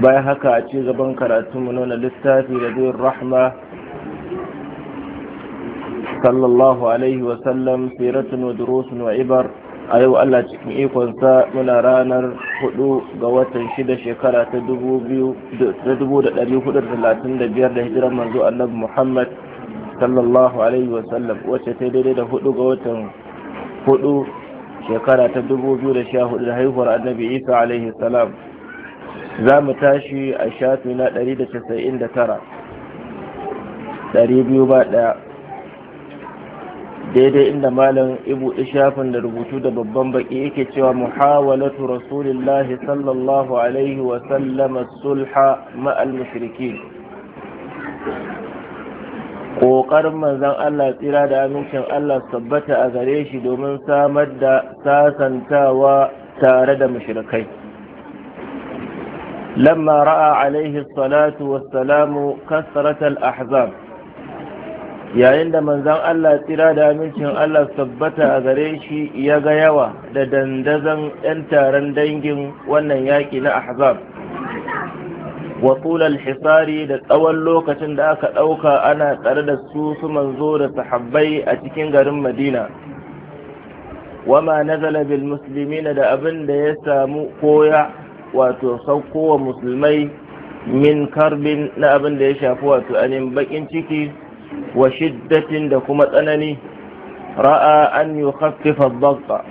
bayan haka a ce gaban karatunmu nuna littafi da biyun rahma sallallahu alaihi wasallam siratun wa durusun wa ibar a yau allah cikin ikonsa muna ranar 4 ga watan 6 shekara ta 2435 da hijirar manzo annabi muhammad sallallahu alaihi wasallam wacce ta daidai da 4 ga watan 4 shekara ta 2014 da haihuwar annabi isa alaihi salam za mu tashi a shafi na 199 biyu ba ɗaya daidai inda malam ibu ishafin da rubutu da babban baki yake cewa muhawalatu rasulillahi sallallahu alaihi wa sallama sulha ma'al mushriki ƙoƙarin manzan Allah tsira da amincin Allah tabbata a gare shi domin samar da sasantawa tare da mushrikai لما رأى عليه الصلاة والسلام كثرة الأحزاب yayin da manzan Allah tsira da amincin Allah tabbata a gare shi ya ga yawa da dandazon 'yan taron dangin wannan yaki na ahzab wa tulal hisari da tsawon lokacin da aka ɗauka ana tsare da su su manzo da sahabbai a cikin garin madina wama nazala bil muslimina da abin da ya samu koya wato wa musulmai min karbin na abin da ya shafi wato anin bakin ciki wa shiddatin da kuma tsanani ra'a an yi khaffifa dabba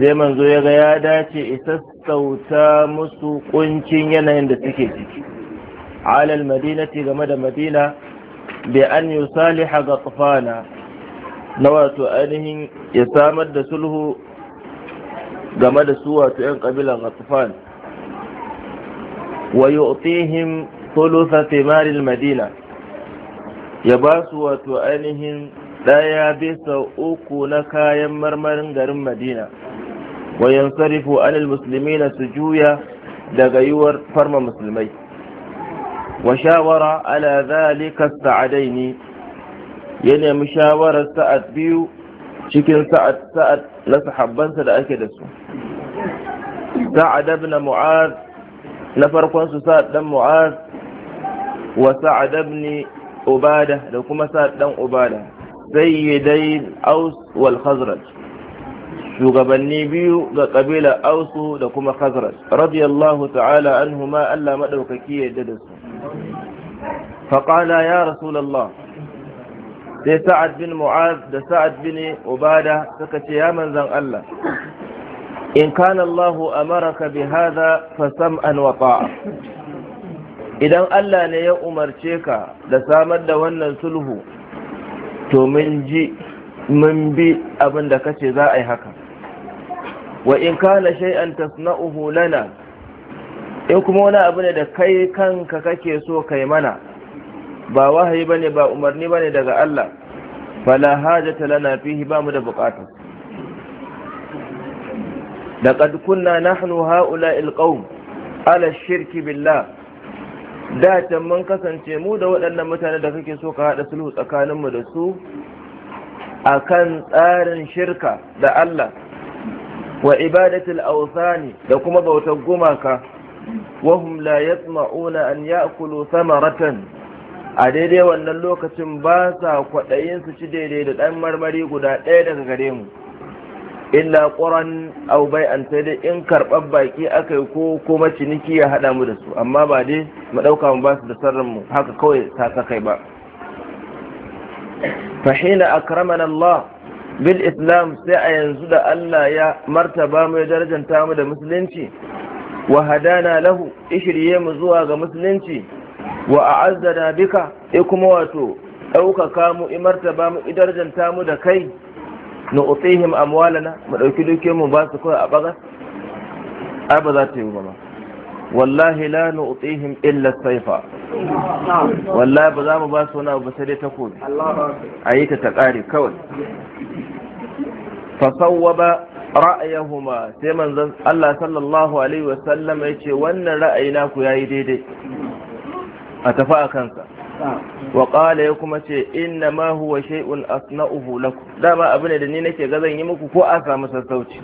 zai manzo ya ga ya dace isassauta musu kuncin yanayin da suke ciki alal madinati game da madina bi an yi saliha ga tsufana na wato ainihin ya samar da sulhu game da su wato 'yan kabilan ga tsufana wa yu'tihim thulutha thimar madina ya ba su wato ainihin ɗaya bisa uku na kayan marmarin garin madina wa yansarifu anil muslimina su juya daga yiwuwar farma musulmai wa shawara ala zalika sa'adaini ya nemi shawarar sa'ad biyu cikin sa'ad na sahabbansa da ake da su sa'ad ibn na farkon su sa dan mu'az wa sa'ad ibn ubada da kuma sa'ad dan ubada sayyidai aus wal khazraj shugabanni biyu ga kabila ausu da kuma khazraj radiyallahu ta'ala anhuma Allah madaukaki yadda da su faqala ya rasulullah sai sa'ad bin mu'az da sa'ad bin ubada suka ce ya manzan Allah in kana Allahu amaraka bi hadha fa sam'an wa ta'a idan Allah ne ya umarce ka da samar da wannan sulhu to mun ji mun bi abin da kace za a yi haka wa in kana shay'an tasna'uhu lana in kuma wani abu ne da kai kanka kake so kai mana ba wahayi bane ba umarni bane daga Allah fala hajata lana fihi ba mu da bukata لقد كنا نحن هؤلاء القوم على الشرك بالله da can mun kasance mu da waɗannan mutane da kake so ka haɗa sulhu tsakaninmu da su a kan tsarin shirka da Allah wa ibadatul ausani da kuma bautar gumaka wahum la yasma'una an ya'kulu samaratan a daidai wannan lokacin ba sa kwaɗayin su ci daidai da ɗan marmari guda ɗaya daga gare mu illa ƙuran au bai an sai dai in karɓar baki aka yi ko kuma ciniki ya haɗa mu da su amma ba dai mu ɗauka mu ba su da sarrin mu haka kawai ta kai ba fahina akramana Allah bil islam sai a yanzu da Allah ya martaba mu ya darajanta mu da musulunci wa hadana lahu ishirye mu zuwa ga musulunci wa a'azzana bika e kuma wato ɗaukaka mu imartaba mu idarjanta mu da kai na utsihim amwalana mu dauki dukiyar mu ba su kawai a bagas ai ba za ta yi ba wallahi la nu'tihim illa saifa wallahi ba za mu ba su wani abu sai dai takobi A yi ta kare kawai fa sawwaba ra'ayahuma sai manzon Allah sallallahu alaihi wasallam ce wannan ra'ayi naku yayi daidai a tafi a kansa wa qala ya kuma ce inna ma huwa shay'un asna'uhu lakum dama abu ne da ni nake ga zan yi muku ko a samu sassauci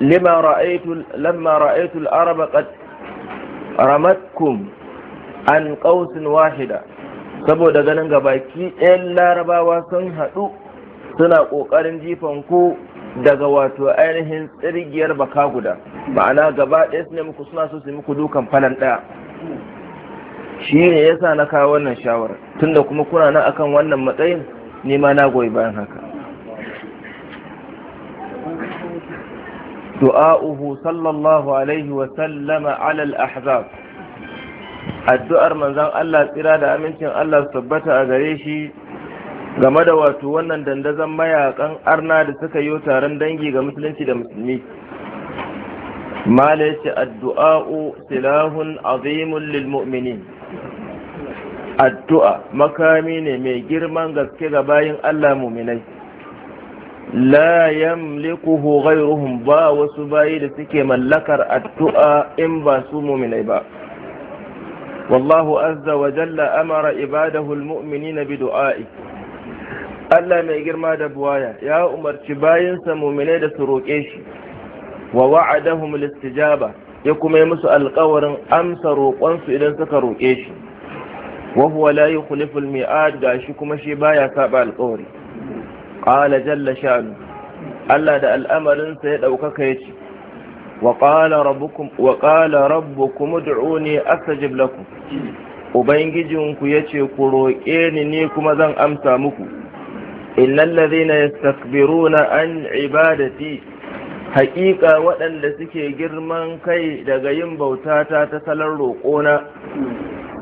lima ra'aytu lamma ra'aytu al-arab qad an qausin wahida saboda ganin gabaki ɗayan larabawa sun haɗu suna ƙoƙarin jifan ku daga wato ainihin tsirgiyar baka guda ma'ana gaba ɗaya muku suna so su muku dukan falan ɗaya shi ne ya sa na kawo wannan shawarar tunda kuma kuna nan akan wannan matsayin ne ma na goyi bayan haka du'a'uhu sallallahu alaihi wa sallama alal ahzab addu'ar manzon Allah tsira da amincin Allah tabbata a gare shi game da wato wannan dandazon mayakan arna da suka yi taron dangi ga musulunci da musulmi mala yace addu'a'u silahun azimun lil mu'minin addu'a makami ne mai girman gaske ga bayin Allah muminai la yamlikuhu ghayruhum ba wasu bayi da suke mallakar addu'a in ba su muminai ba wallahu azza wa jalla amara ibadahu almu'minina bi du'a'i Allah mai girma da buwaya ya umarci bayinsa muminai da su roƙe shi wa wa'adahum listijaba ya kuma yi musu alƙawarin amsa roƙonsu idan suka roƙe shi Wahuwa huwa la yukhlifu al gashi kuma shi baya saba alƙawari qala jalla sha'nu Allah da al'amarin sa ya daukaka yace wa qala rabbukum wa qala rabbukum ud'uni astajib lakum ubangijinku yace ku roƙe ni ne kuma zan amsa muku innal ladhina yastakbiruna an ibadati haƙiƙa waɗanda suke girman kai daga yin bautata ta salon roƙona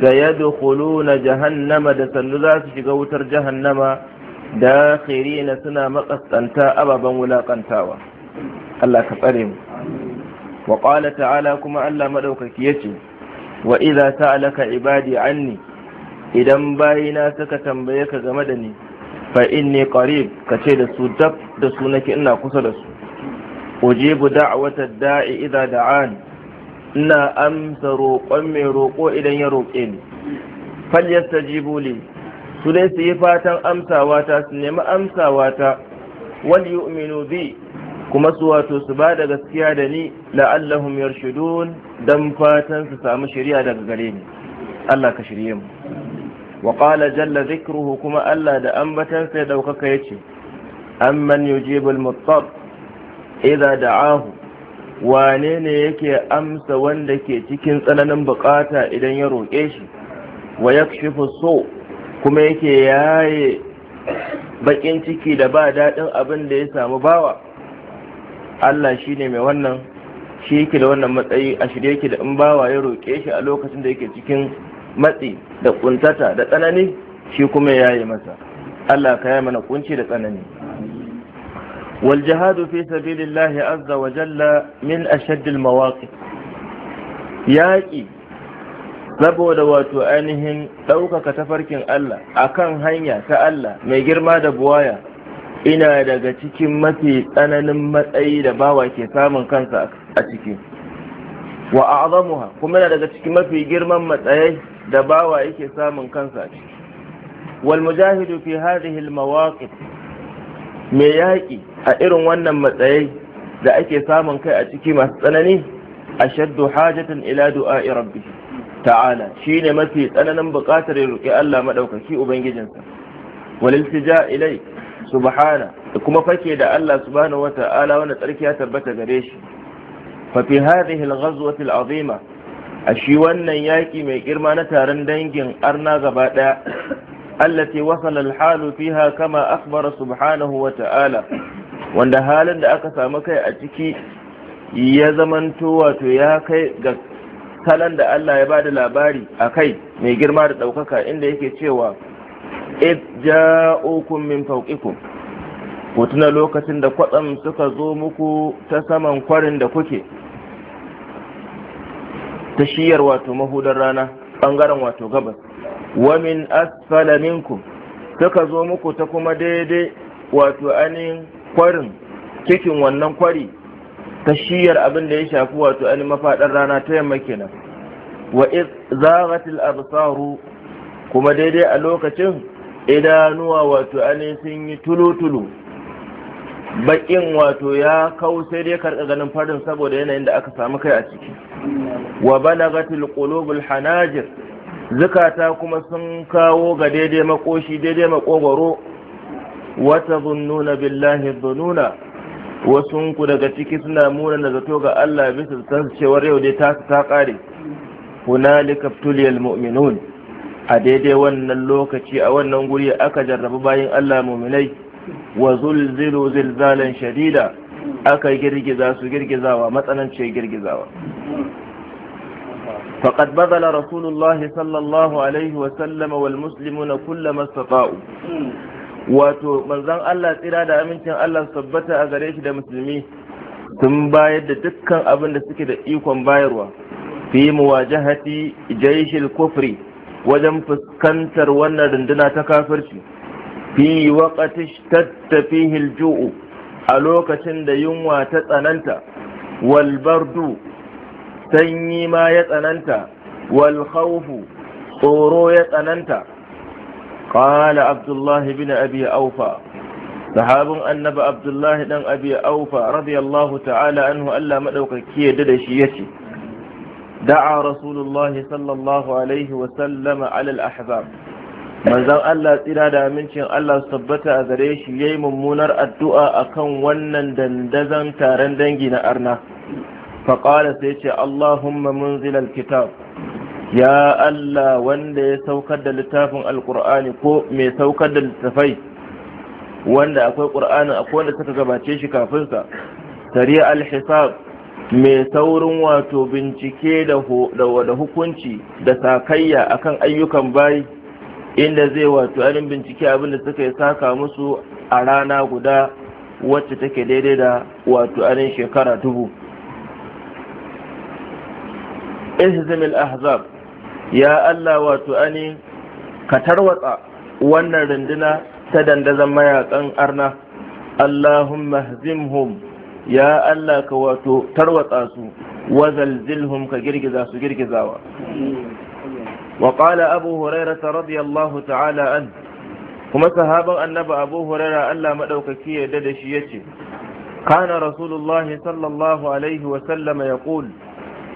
na jahannama da sannu za su shiga wutar jahannama na suna makaskanta ababen wulakantawa Allah ka tsare mu wa ta'ala kuma Allah madaukaki yace wa idza sa'alaka ibadi anni idan bayina suka tambaye ka game da ni fa inni ka kace da su dab da su nake ina kusa da su ujibu da'watad da'i idza da'ani ina amsa roƙon mai roƙo idan ya roƙe ni falyasta jibuli su dai su yi fatan amsawa ta su nemi amsawa ta wal yu'minu bi kuma su wato su ba da gaskiya da ni la'allahum yarshudun dan fatan su samu shari'a daga gare ni Allah ka shirye mu wa qala jalla dhikruhu kuma Allah da ambatan sai daukaka yace amman yujibul muttab idza da'ahu wane ne yake amsa wanda ke cikin tsananin bukata idan ya roƙe shi wa ya so kuma yake yaye bakin ciki da ba daɗin abin da ya samu bawa Allah shi ne mai wannan shi yake da wannan matsayi a shirye yake da in bawa ya roƙe shi a lokacin da yake cikin matsi da ƙuntata da tsanani shi kuma ya yi masa Allah ka yi mana kunci da tsanani والجهاد في سبيل الله عز وجل من أشد المواقف yaƙi saboda wato ainihin ɗaukaka tafarkin Allah akan hanya ta Allah mai girma da buwaya ina daga cikin mafi tsananin matsayi da bawa ke samun kansa a ciki wa a'zamuha kuma yana daga cikin mafi girman matsayai da bawa yake samun kansa a ciki wal mujahidu fi hadhihi al mai yaƙi a irin wannan matsayi da ake samun kai a ciki masu tsanani a shaddu hajatan ila du'a'i rabbi ta'ala shine mafi tsananin buƙatar ya roƙi Allah maɗaukaki ubangijinsa waliltija ilai subhana da kuma fake da Allah subhanahu wata'ala wanda tsarki ya tabbata gare shi fa fi hadhihi al-ghazwati al-azima a shi wannan yaƙi mai girma na taron dangin arna gaba ɗaya التي وصل الحال فيها كما أخبر سبحانه وتعالى wanda halin da aka samu kai a ciki ya zamanto wato ya kai ga salon da Allah ya bada labari a kai mai girma da ɗaukaka inda yake cewa id ja'ukum min fawqikum ku tuna lokacin da kwatsam suka zo muku ta saman kwarin da kuke ta shiyar wato mahudar rana bangaren wato gabas wa min asfala minkum suka zo muku ta kuma daidai wato anin kwarin cikin wannan kwari ta shiyar abin da ya shafi wato anin mafaɗar rana ta yamma kenan wa iz zaghatil absaru kuma daidai a lokacin idanuwa wato anin sun yi tulutulu bakin wato ya kau sai dai karka ganin farin saboda yanayin da aka samu kai a ciki wa balagatil qulubul hanajir zukata kuma sun kawo ga daidai makoshi daidai makogwaro wata zununa billahi zununa wasunku daga ciki suna muna na zato ga Allah bisa cewar yau dai tasu ta kare hunalika tuliyal mu'minun a daidai wannan lokaci a wannan guri aka jarrabu bayan Allah mu'minai wa zulzilu zilzalan shadida aka girgiza su girgizawa matsanancin girgizawa فقد بذل رسول الله صلى الله عليه وسلم والمسلمون كل ما استطاعوا wato manzon Allah tsira da amincin Allah su tabbata a gare shi da musulmi sun bayar da dukkan abin da suke da ikon bayarwa fi muwajahati jaishil kufri wajen fuskantar wannan runduna ta kafirci fi waqati tattafihi ju'u. a lokacin da yunwa ta tsananta wal bardu sanyi ma ya tsananta wal khawfu tsoro ya tsananta qala abdullahi bin abi aufa sahabin annabi abdullahi dan abi aufa radiyallahu ta'ala anhu Allah madaukaki ya da shi yace da'a rasulullahi sallallahu alaihi wa sallama ala al-ahzab manzon Allah tsira da amincin Allah su tabbata a gare shi yayi mummunar addu'a akan wannan dandazan taron dangi na arna faƙala sai ce Allahumma munzil alkitab ya Allah wanda ya saukar da littafin alkur'ani ko mai saukar da littafai wanda akwai ƙur'ani akwai wanda suka gabace shi kafin kafinsa sari alhisab mai saurin wato bincike da hukunci da sakayya akan ayyukan bayi inda zai wato ainihin bincike abin da suka yi saka musu a rana guda wacce take daidai da wato ainihin shekara dubu ihzim ahzab ya Allah wato ani ka tarwatsa wannan runduna ta dandazon mayakan arna Allahumma hzimhum ya Allah ka wato tarwatsa su wa zalzilhum ka girgiza su girgizawa wa qala abu hurairah radiyallahu ta'ala an kuma sahaban annabi abu huraira Allah madaukaki ya da shi yace kana rasulullah sallallahu alaihi wa sallam yaqul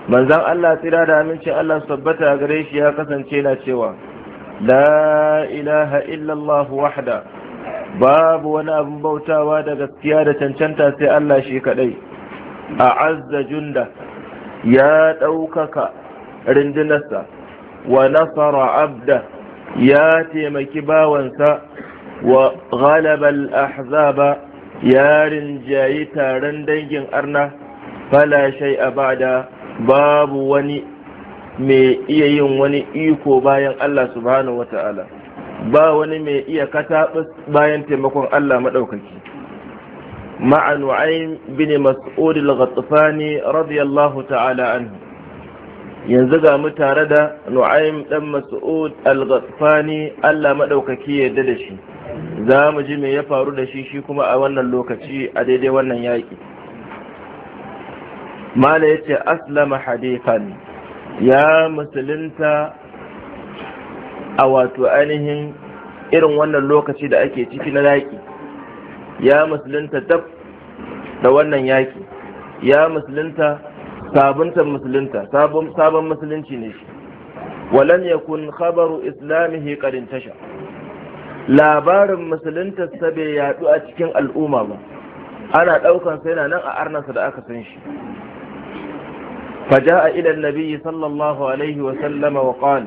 manzan Allah tsira da amincin Allah su tabbata gare shi ya kasance na cewa la ilaha illallah wahda babu wani abin bautawa da gaskiya da cancanta sai Allah shi kadai a azza junda ya ɗaukaka rindinarsa wa nasara abda ya taimaki bawansa wa ghalabal ahzaba ya rinjayi taron dangin arna fala shai a bada babu wani mai iya yin wani iko bayan Allah subhanahu wata'ala ba wani mai iya kata bayan taimakon Allah maɗaukaki ma'a nu'aym bin mas'ud al-ghatfani radiyallahu ta'ala anhu yanzu ga mu tare da nu'aym dan mas'ud al-ghatfani Allah maɗaukaki ya yarda da shi za mu ji me ya faru da shi shi kuma a wannan lokaci a daidai wannan yaƙi mala ya ce aslama hadifan ya musulunta a wato ainihin irin wannan lokaci da ake ciki na yaƙi ya musulunta tab da wannan yaƙi ya musulunta sabunta musulunta sabon musulunci ne shi ya yakun khabaru islamihi qadin tasha labarin musulunta bai yaɗu a cikin al'umma ba ana daukan sai nan a arnansa da aka san shi فجاء إلى النبي صلى الله عليه وسلم وقال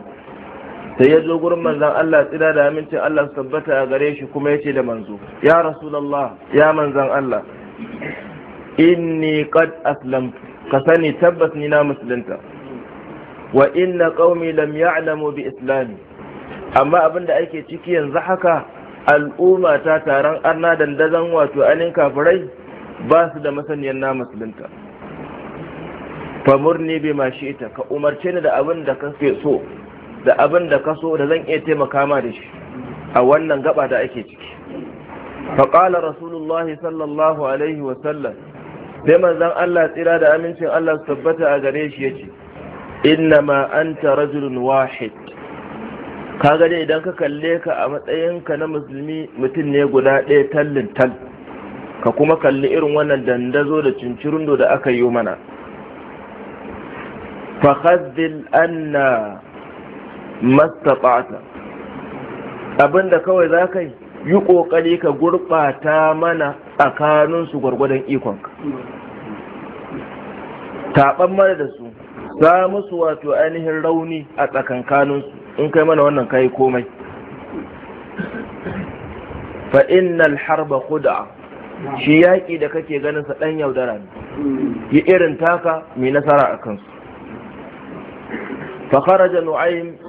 سيدو قرم من ذن الله إلى دامن الله سبت أغريش كميتي لمنزو يا رسول الله يا من ذن الله إني قد أسلمت كسني تبتني لا مسلمت وإن قومي لم يعلموا بإسلامي أما أبن أيكي تشكي ينزحك الأمة تاتارن أرنا دندزن وتؤلن كافرين باس دمسن ينا مسلمت famurni bi ma shi ita ka umarce ni da abin da so da abin da ka so da zan iya taimaka ma da shi a wannan gaba da ake ciki faƙala rasulullah sallallahu alaihi wasallam sai manzan allah tsira da amincin allah su tabbata a gare shi ya ce innama anta rajulun wahid ka gane idan ka kalle ka a matsayin ka na musulmi mutum ne guda ɗaya tallin tal ka kuma kalli irin wannan dandazo da cincirundo da aka yi mana an anna mastata'ta abinda kawai za ka yi ƙoƙari ka gurɓata mana tsakaninsu gwargwadon ikonka taɓan mana da su za musu wato ainihin rauni a tsakankaninsu in kai mana wannan kayi komai fa innal harba khud'a shi yaƙi da kake ganin sa ɗan yaudara ne yi irin taka mai nasara a kansu fa kharaja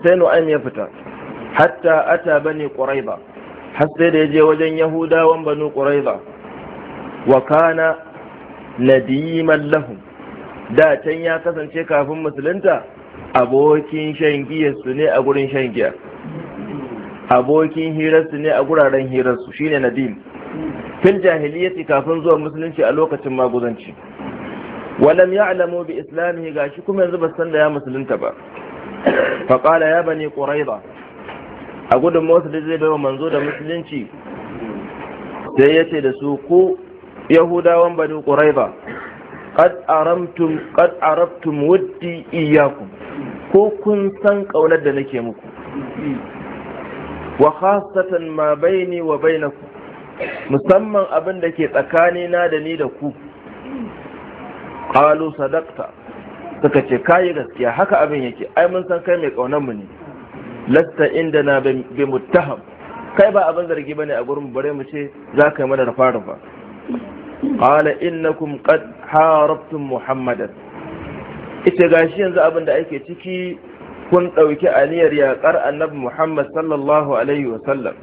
sai nu'aym ya fita hatta ata bani quraiba har sai da yaje wajen yahudawan banu quraiba wa kana nadiman da can ya kasance kafin musulunta abokin shan su ne a gurin shan giya abokin hirarsu ne a guraren hirarsu shine nadim fil jahiliyyati kafin zuwa musulunci a lokacin maguzanci walam ya'lamu bi islamihi gashi kuma yanzu ba san da ya musulunta ba faƙala ya bani ƙuraiza a gudun da zai baiwa manzo da musulunci sai ya ce da su ko yahudawan bani ƙuraiza qad aramtum qad arabtum waddi ko kun san ƙaunar da nake muku wa khasatan ma baini wa bainakum musamman abin da ke tsakanina da ni da ku qalu sadaqta suka ce kayi gaskiya haka abin yake ai mun san kai mai kaunar mu ne lasta inda na bi muttaham kai ba abin zargi bane a gurin bare mu ce za ka yi mana rufa rufa qala innakum qad harabtum muhammadan ita gashi yanzu abin da ake ciki kun dauki aniyar yaƙar annabi muhammad sallallahu alaihi wa sallam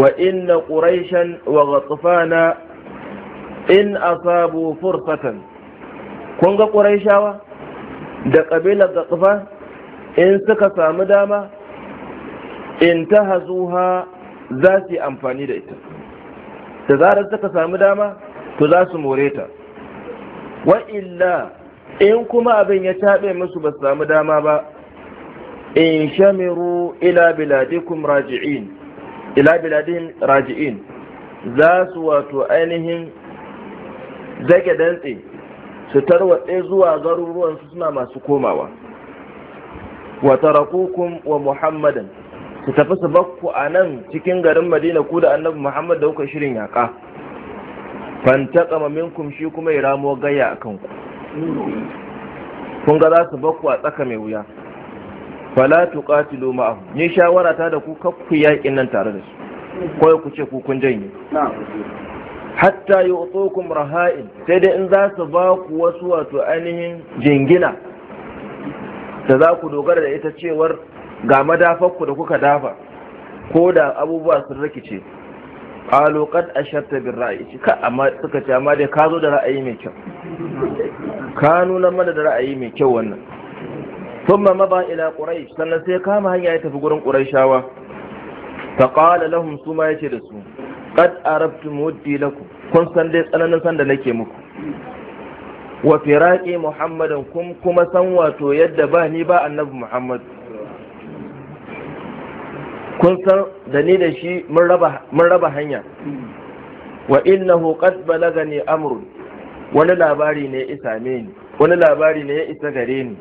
wa inna quraishan wa ghatfana in asabu fursatan kun ga quraishawa da ƙabilar ƙafa in suka samu dama in ta hazuha za su yi amfani da ita da zarar suka samu dama to za su more ta wa illa in kuma abin ya caɓe musu ba su samu dama ba in shamiru ila biladikum raji'in ila biladihim raji'in za su wato ainihin zage dantse su tarwatse zuwa garuruwansu suna masu komawa wa tarakukum wa muhammadan su tafi su bakku a nan cikin garin madina ku da annabi muhammad da kuka shirin yaƙa fantaƙama minkum shi kuma ya ramo gaya a kanku kun ga za su bakku a tsaka mai wuya fala tuqatilu ma'ahu ni shawara ta da ku kakku yaƙin nan tare da su ko ku ce ku kun janye hatta yi otokun raha'in sai dai in za su ba ku wasu wato ainihin jingina da za ku dogara da ita cewar ga madafarku da kuka dafa ko da abubuwa sun rikice ƙalo kad a sharta bin ra'ayi ka amma suka ce amma dai ka zo da ra'ayi mai kyau ka nuna mana da ra'ayi mai kyau wannan sun ma maba ila ƙurai sannan sai kama hanya ya tafi gurin ƙurai shawa ta ƙala lahum suma yace ya ce da su kad arabtum muddi lakum kun san dai tsananin san da nake muku wa firaqi muhammadin kum kuma san wato yadda ba ni ba annabi muhammad kun san da ni da shi mun raba hanya wa innahu qad balagani amrun wani labari ne ya isa ni wani labari ne ya isa gare ni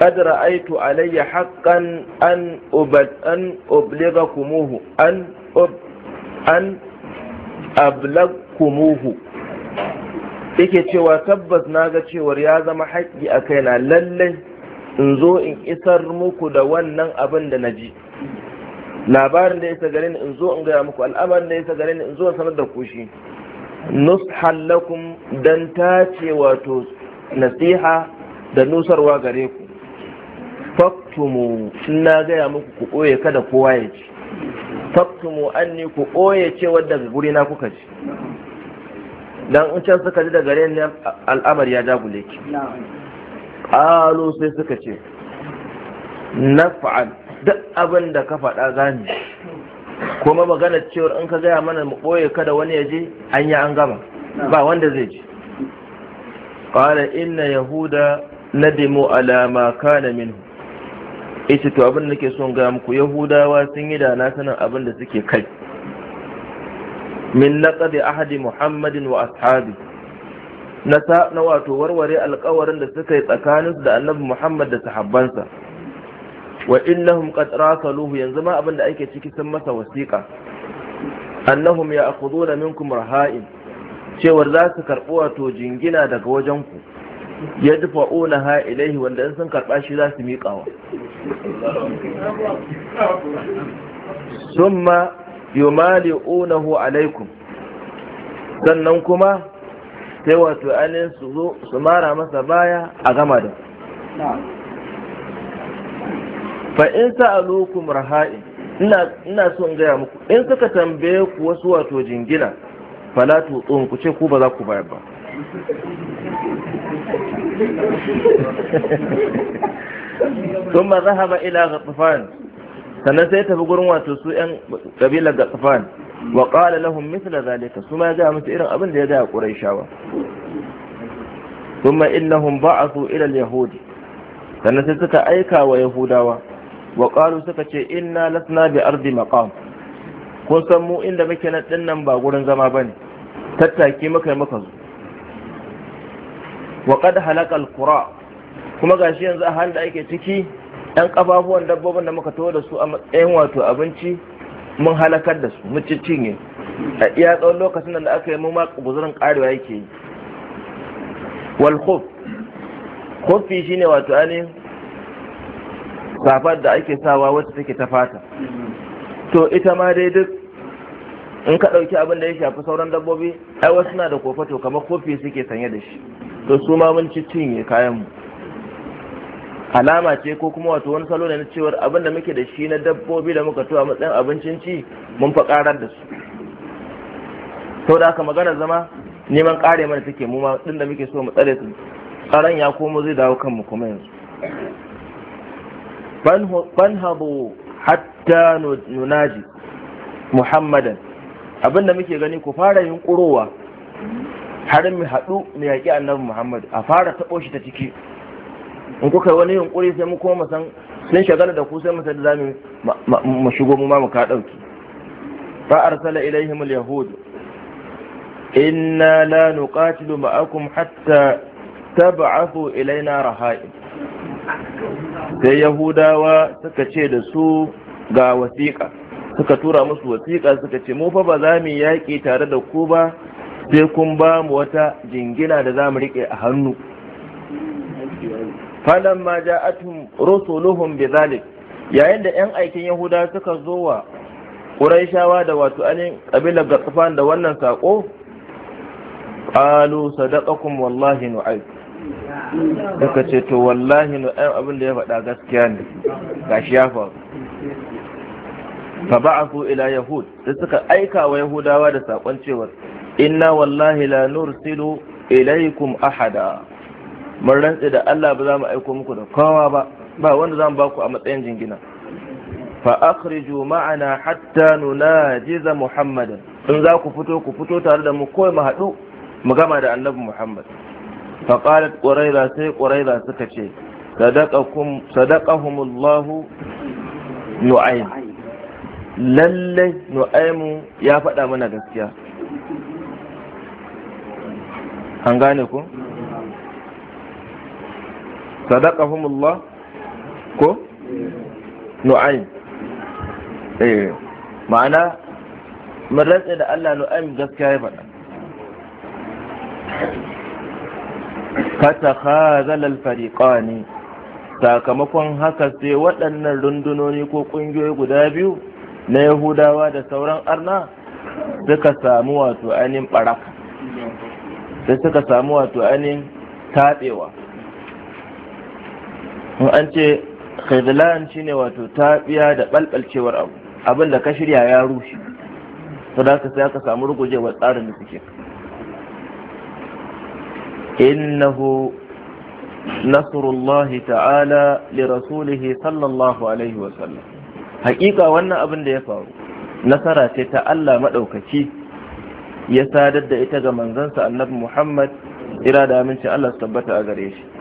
qad ra'aytu alayya haqqan an ubad an ubligakumuhu an an ablagh kumuhu yake cewa tabbas na ga cewar ya zama haƙƙi a kai na lallai in zo in isar muku da wannan abin da na ji labarin da ya isa gare ni in zo in gaya muku al'amarin da ya isa gare ni in zo sanar da ku shi nushan lakum ta ce wato nasiha da nusarwa gare ku faktumu na gaya muku ku ɓoye kada kowa ya ci faktumu anni ku ɓoye ce daga guri na kuka ci dan in can suka ji da gare ne al'amari ya dagule ki ƙalo sai suka ce na fa'al duk abin da ka faɗa gani kuma magana cewar in ka gaya mana mu ɓoye kada wani ya je an yi an gama ba wanda zai ji ƙwada inna yahuda na demo alama kana minhu ita to abin da nake son ga muku yahudawa sun yi da na sanin abin da suke kai min laqabi ahadi muhammadin wa ashabi na na wato warware alkawarin da suka yi tsakaninsu da annabi muhammad da sahabbansa wa innahum qad rasaluhu yanzu ma abinda ake ciki sun masa wasiƙa annahum ya'khuduna minkum raha'in cewar za su karɓi wato jingina daga wajen ku ya dufa ona ha ilaihi wanda in sun karɓa shi za su miƙawa summa unahu alaikum sannan kuma sai wato ainihin su zo su mara masa baya a gama da fa in sa'alukum raha'in ina ina son gaya muku in suka tambaye ku wasu wato jingina fala tutsun ku ce ku ba za ku bayar ba ثم ذهب إلى غطفان sannan sai ya tafi gurin wato su yan kabilar gatsafan wa qala lahum mithla zalika su ma gaya musu irin abin da ya ga quraishawa thumma innahum ba'athu ila al Yahudi. sannan sai suka aika wa yahudawa wa qalu suka ce inna lasna bi ardi maqam kun san mu inda muke na nan ba gurin zama bane tattaki muka muka zo wa qad halaka al-qura kuma gashi yanzu a halin da ake ciki yan kafafuwan dabbobin da muka taho da su a matsayin wato abinci mun halakar da su mun cinye a iya tsawon lokacin da aka yi mu guzurin karewa yake yi wal khuf kofi shine wato ainihin safar da ake sawa wacce take ta fata to ita ma dai duk in ka ɗauki abin da ya shafi sauran dabbobi ai wasu na da kofato kamar kofi suke sanye da shi to su ma mun ci cinye kayan mu alama ce ko kuma wato wani salo ne na cewar abin da muke da shi na dabbobi da muka tuwa matsayin abincin ci mun fa karar da su sau da haka magana zama neman kare mana take mu ma din da muke so mu tsare su tsaron ya komo zai dawo kanmu kuma yanzu fanhabu hatta nunaji muhammadan abin da muke gani ku fara yunkurowa har mu haɗu mu yaƙi annabi muhammad a fara taɓo shi ta ciki in kuka wani yunkuri sai mu koma san sun shagala da ku sai mu sai zamu mu shigo mu ma mu ka dauki fa arsala ilaihim alyahud inna la nuqatilu ma'akum hatta tab'athu ilaina raha'ib sai yahudawa suka ce da su ga wasiƙa suka tura musu wasiƙa suka ce mu fa ba za mu yaƙi tare da ku ba sai kun ba mu wata jingina da za mu riƙe a hannu falamma ja'atuhum rusuluhum bidhalik yayin da yan aikin yahuda suka zo wa quraishawa da wato anin ga gatsufan da wannan sako qalu sadaqakum wallahi nu'ay daga ce to wallahi nu'ay abin da ya faɗa gaskiya ne gashi ya faru fa ba'athu ila yahud da suka aika wa yahudawa da sakon cewa inna wallahi la nursilu ilaikum ahada mun rantse da Allah ba za mu aiko muku da kowa ba ba wanda za mu baku a matsayin jingina fa akhriju ma'ana hatta nunajiza muhammadan in za ku fito ku fito tare da mu ko mu haɗu mu gama da annabi muhammad fa qalat quraiza sai quraiza suka ce sadaqakum sadaqahumullahu nu'aym lalle nu'aymu ya faɗa mana gaskiya an gane ku sadaqahumullah ko nu'aym eh ma'ana mun rantsa da Allah nu'aym gaskiya ya faɗa fatakhazal al-fariqani sakamakon haka sai waɗannan rundunoni ko ƙungiyoyi guda biyu na yahudawa da sauran arna suka samu wato ainihin baraka sai suka samu wato ainihin taɓewa an ce khidlan shine wato tabiya da balbalcewar abu abin da ka shirya ya rushe to da ka sai aka samu rugujewar tsarin da suke innahu nasrullahi ta'ala li rasulihi sallallahu alaihi wa sallam hakika wannan abin da ya faru nasara ce ta Allah madaukaki ya sadar da ita ga manzansa annabi Muhammad ira da aminci Allah su tabbata a gare shi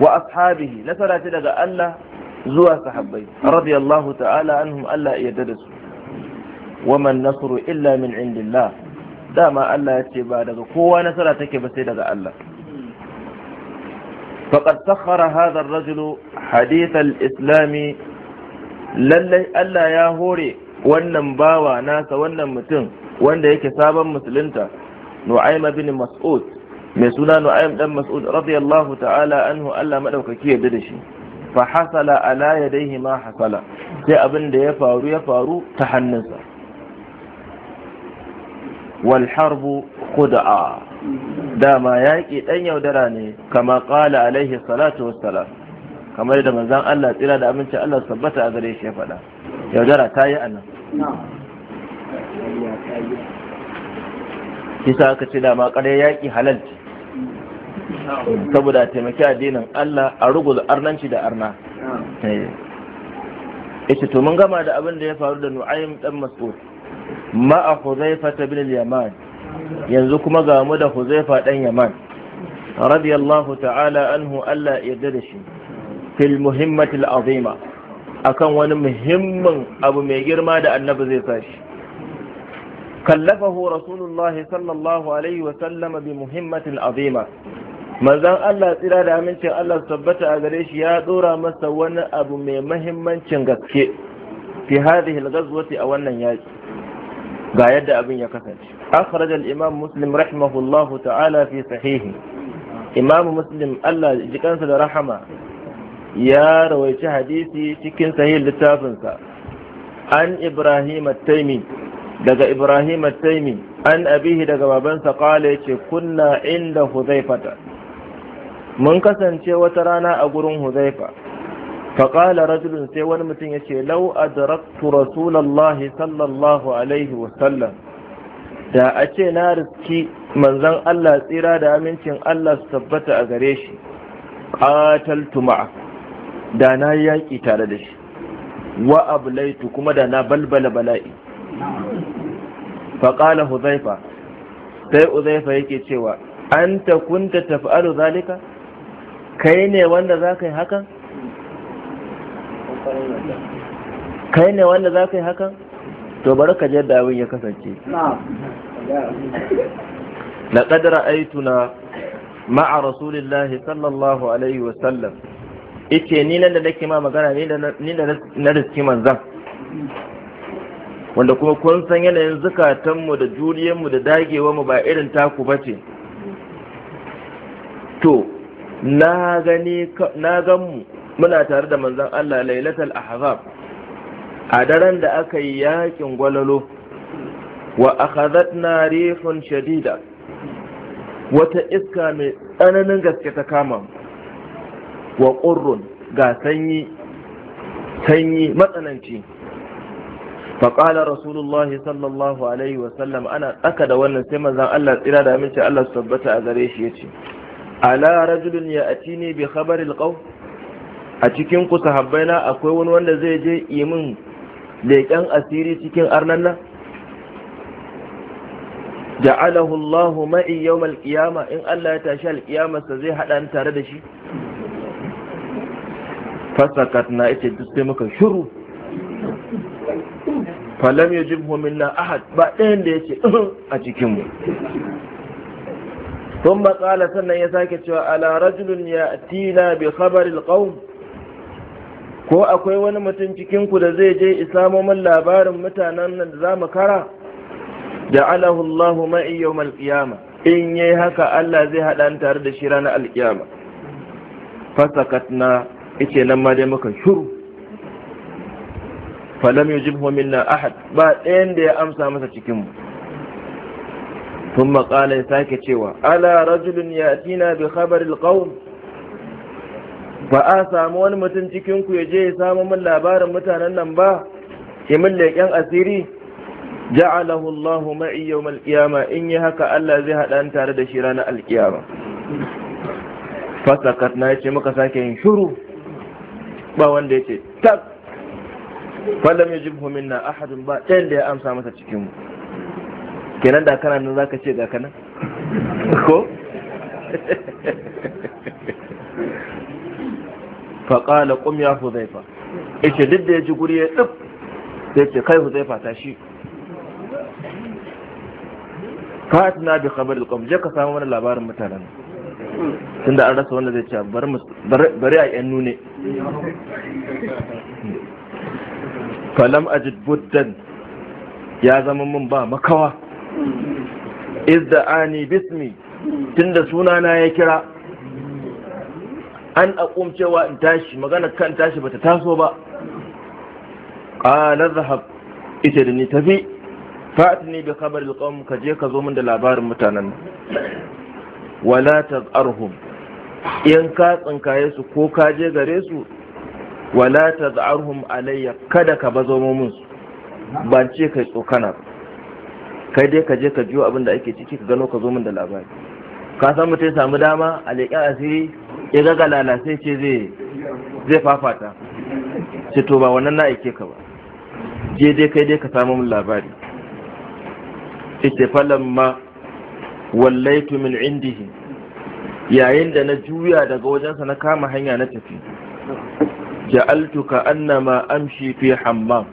wa ashabihi nasara ce daga Allah zuwa sahabbai radiyallahu ta'ala anhum Allah ya yarda da su wa man nasru illa min indillah dama Allah ya ce ba daga kowa nasara take ba sai daga Allah faqad sakhara hadha ar-rajulu hadith al-islam Allah ya hore wannan bawa nasa wannan mutum wanda yake sabon musulunta Nu'ayma bin Mas'ud mai suna nu'aym dan mas'ud radiyallahu ta'ala anhu Allah madaukaki ya da shi fa hasala ala yadayhi ma hasala sai abin da ya faru ya faru ta hannunsa wal harbu khud'a dama yaƙi dan yaudara ne kama qala alaihi salatu wassalam kamar da manzan Allah tsira da aminci Allah sabbata a gare shi ya faɗa yaudara ta yi anan kisa aka ce dama ƙarya yaƙi halalci saboda taimaki addinin Allah a da arnanci da arna Ita eh. to mun gama da abin da ya faru da nu'aim dan Mas'ud a Huzaifa ta bin Yaman yanzu kuma ga mu da Huzaifa dan Yaman radiyallahu ta'ala anhu Allah ya yarda da shi fil muhimmati al akan wani muhimmin abu mai girma da annabi zai sashi kallafahu rasulullahi sallallahu alaihi wa sallama bi muhimmatin azima manzan Allah tsira da amincin Allah tabbata a gare shi ya dora masa wani abu mai mahimmancin gaske fi hadhihi al-ghazwati a wannan yaki ga yadda abin ya kasance akhraj al-imam muslim rahimahullahu ta'ala fi sahihi imam muslim Allah jikansa da rahama ya rawaici hadisi cikin sahih littafinsa an ibrahim at-taymi daga ibrahim at-taymi an abihi daga babansa qala yace kunna inda huzaifata mun kasance wata rana a gurin huzaifa faƙala rajulun sai wani mutum ya ce lau adraktu rasulallahi sallallahu alaihi wasallam da a ce na riski manzon Allah tsira da amincin Allah su tabbata a gare shi qataltu ma'a da na yaƙi tare da shi wa ablaitu kuma da na balbala bala'i faƙala huzaifa sai huzaifa yake cewa an takunta kunta taf'alu zalika kai ne wanda za ka yi hakan kai ne wanda za ka yi hakan to bari ka je da abin ya kasance na رأيتنا aituna ma'a الله sallallahu alaihi wasallam وسلم ite ni nan da nake ma magana ni da na riski manzan wanda kuma kun san yanayin zukatanmu da juriyanmu da dagewa mu ba irin taku ba ce to na gan mu muna tare da manzon Allah lailatul ahzab a daren da aka yi yakin gwalalo wa akhadhatna rihun shadida wata iska mai tsananin gaske ta kama wa qurrun ga sanyi sanyi matsananci faƙalar rasulullahi sallallahu alaihi wasallam ana tsaka da wannan sai manzan allah tsira da aminci allah su tabbata a gare shi ya ce ala rajulun ya atini bi khabaril qaw a cikin ku sahabbaina akwai wani wanda zai je min leƙen asiri cikin arnan ja'alahu Allah ma'i yawmal qiyama in Allah ya tashi al sa zai hada ni tare da shi fasakat na ita duk sai muka shuru falam yajibhu minna ahad ba ɗayan da yake a cikin mu sannan sake cewa سنة يساكت ya رجل bi بخبر القوم ko akwai wani mutum cikinku da zai je isa min labarin mutanen nan da za mu kara ja'alahu Allahu ma'i yawmal qiyama in yayi haka Allah zai hada ni tare da shi ranar alkiyama fasakatna ice nan ma dai muka shuru falam yujibhu minna ahad ba ɗayan da ya amsa masa cikin mu ثم قال يساك تشوى ألا رجل يأتينا بخبر القوم ba a samu wani mutum cikinku ya je ya samu min labarin mutanen nan ba ya min leƙen asiri ja'alahu Allah ma'i yawmal qiyama in yi haka Allah zai haɗa ni tare da shi ranar alƙiyama fasakat na yace muka sake yin shuru ba wanda yace tak falam yajibhu minna ahadun ba ɗayan da ya amsa masa cikin mu kenan da kana nan zaka ce ga kana ko faƙala qum ya huzaifa ita duk da ya ji guri ya dub sai ce kai huzaifa ta shi ka na bi khabar da ƙum je ka samu wannan labarin mutanen tun da an rasa wanda zai ce bari a yan nune falam ajid buddan ya zama mun ba makawa izda ani bismi tunda sunana ya kira an akum cewa in tashi magana kan tashi bata taso ba qala zahab ita da ni tafi fa'atni bi khabar alqawm ka je ka zo min da labarin mutanen wala tazarhum in ka tsinkaye su ko ka je gare su wala tazarhum alayya kada ka bazo min su ban ce kai tsokana ba kai dai ka je ka juyo abin da ake ciki ka gano ka zo min da labari ka san mutum ya samu dama a leƙen asiri ya ga galala sai ce zai zai fafata ce to ba wannan na aike ka ba je dai kai dai ka samu min labari ce falan ma wallaitu min indihi yayin da na juya daga wajensa na kama hanya na tafi ja'altu ka annama amshi fi hammam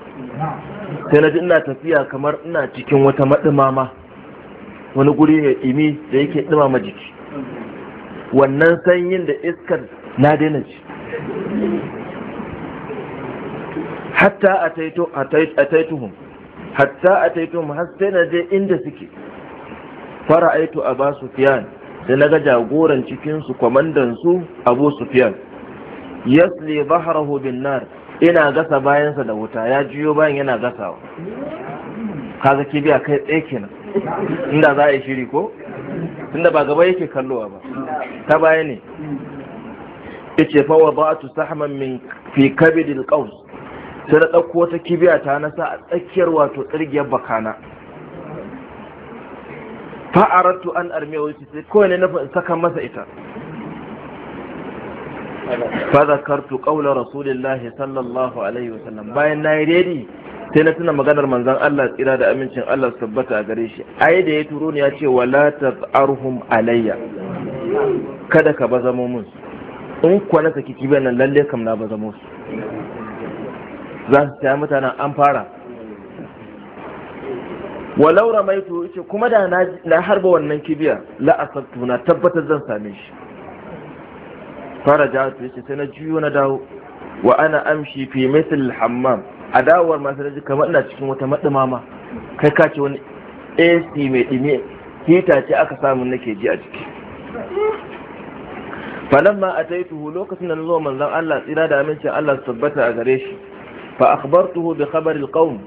sai na ji ina tafiya kamar ina cikin wata maɗumama wani guri mai ɗimi da yake ɗumama jiki wannan sanyin da iskar na daina ji. hatta a hun hatta a har sai na je inda suke fara aitu a ba sufiyan da na ga jagoran cikinsu kwamandansu abu sufiyan yasli baharahu bin nar ina gasa bayansa da wuta ya jiyo bayan yana gasawa kaga kibiya kai tsaye kenan inda za a yi shiri ko tunda ba gaba yake kallowa ba ta baya ne yace fa wa ba'atu sahman min fi kabid al-qaws sai da dauko wata kibiya ta nasa a tsakiyar wato tsirgiyar bakana fa aratu an armiya wuce sai kawai ne na saka masa ita fa zakartu qawla rasulillahi sallallahu alaihi wasallam bayan nayi redi sai na tuna maganar manzon Allah tsira da amincin Allah tabbata a gare shi ai da ya turo ni ya ce wala tazarhum alayya kada ka ba zamo mun in kuwa na saki kibiyar nan lalle kam na ba zamo su za su ta mutanen an fara walau ramaitu ce kuma da na harba wannan kibiyar. la na tabbatar zan same shi faraja to yace sai na juyo na dawo wa ana amshi fi mithl hammam a dawowar ma sai kamar ina cikin wata madumama kai ka ce wani AC mai dime hita ce aka samu nake ji a ciki falamma ataituhu lokacin da na zo manzon Allah tsira da amincin Allah su tabbata a gare shi fa akhbartuhu bi khabari alqawm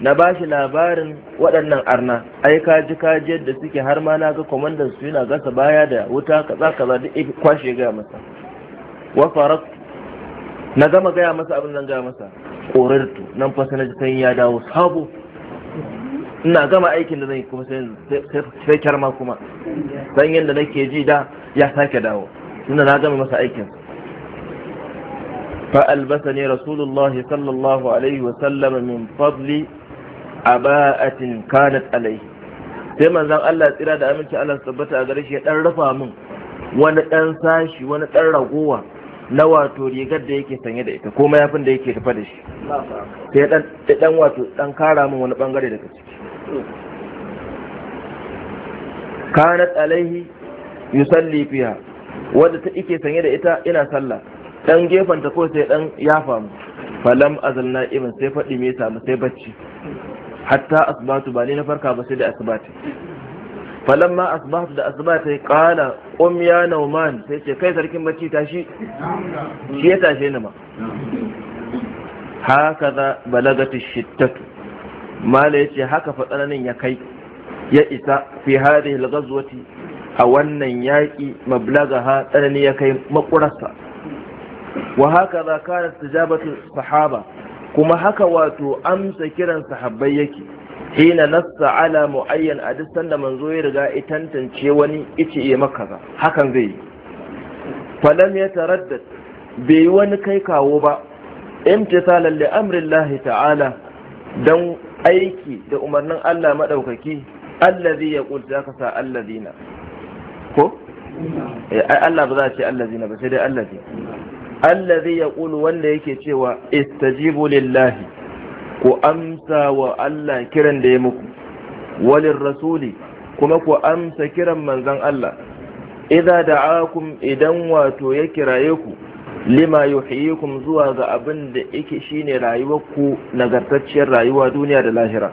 na bashi labarin waɗannan arna ai ka ji ka ji yadda suke har ma na ga komandan su yana gasa baya da wuta kaza kaza duk kwashe ga masa wa farat na gama gaya masa abin zan gaya masa korartu nan fa sanar sai ya dawo sabo ina gama aikin da zan yi kuma sai kyarma kuma san yadda nake ji da ya sake dawo tunda na gama masa aikin فألبسني رسول الله صلى الله عليه وسلم من a عباءة كانت alaihi. sai manzon Allah tsira da aminci Allah tabbata a gare shi ya dan rafa min wani ɗan sashi wani ɗan ragowa na wato rigar da yake sanye da ita ko mayafin da yake tafa da shi sai dan dan wato dan kara min wani bangare daga ciki kanat alaihi yusalli fiha wanda ta ike sanye da ita ina sallah dan gefen ta ko sai dan ya famu falam azalna ibn sai faɗi me samu sai bacci hatta asbatu ba ni na farka ba sai da asbati falamma asbahtu da asba ta qala qum ya nauman sai ce kai sarkin bacci tashi shi ya tashe ni ma hakaza balagatu shittatu mala yace haka fatsananin ya kai ya isa fi hadhihi al-ghazwati a wannan yaƙi ha tsanani ya kai makurarsa wa haka za kana tijabatu sahaba kuma haka wato amsa kiran sahabbai yake hina nassa ala mu'ayyan a duk sanda manzo ya riga ya tantance wani ice ya maka ba hakan zai yi falam ya taraddad bai yi wani kai kawo ba imtisalan li amrillahi ta'ala dan aiki da umarnin Allah madaukaki allazi ya qul ka sa allazina ko eh, ai Allah ba za ce allazina ba sai dai allazi allazi ya qulu wanda yake cewa istajibu lillahi ku amsa wa Allah kiran da ya muku walin rasuli kuma ku amsa kiran manzan Allah idza da'akum idan wato ya kiraye ku lima yuhyikum zuwa ga abin da yake shine rayuwar ku nagartacciyar rayuwa duniya da lahira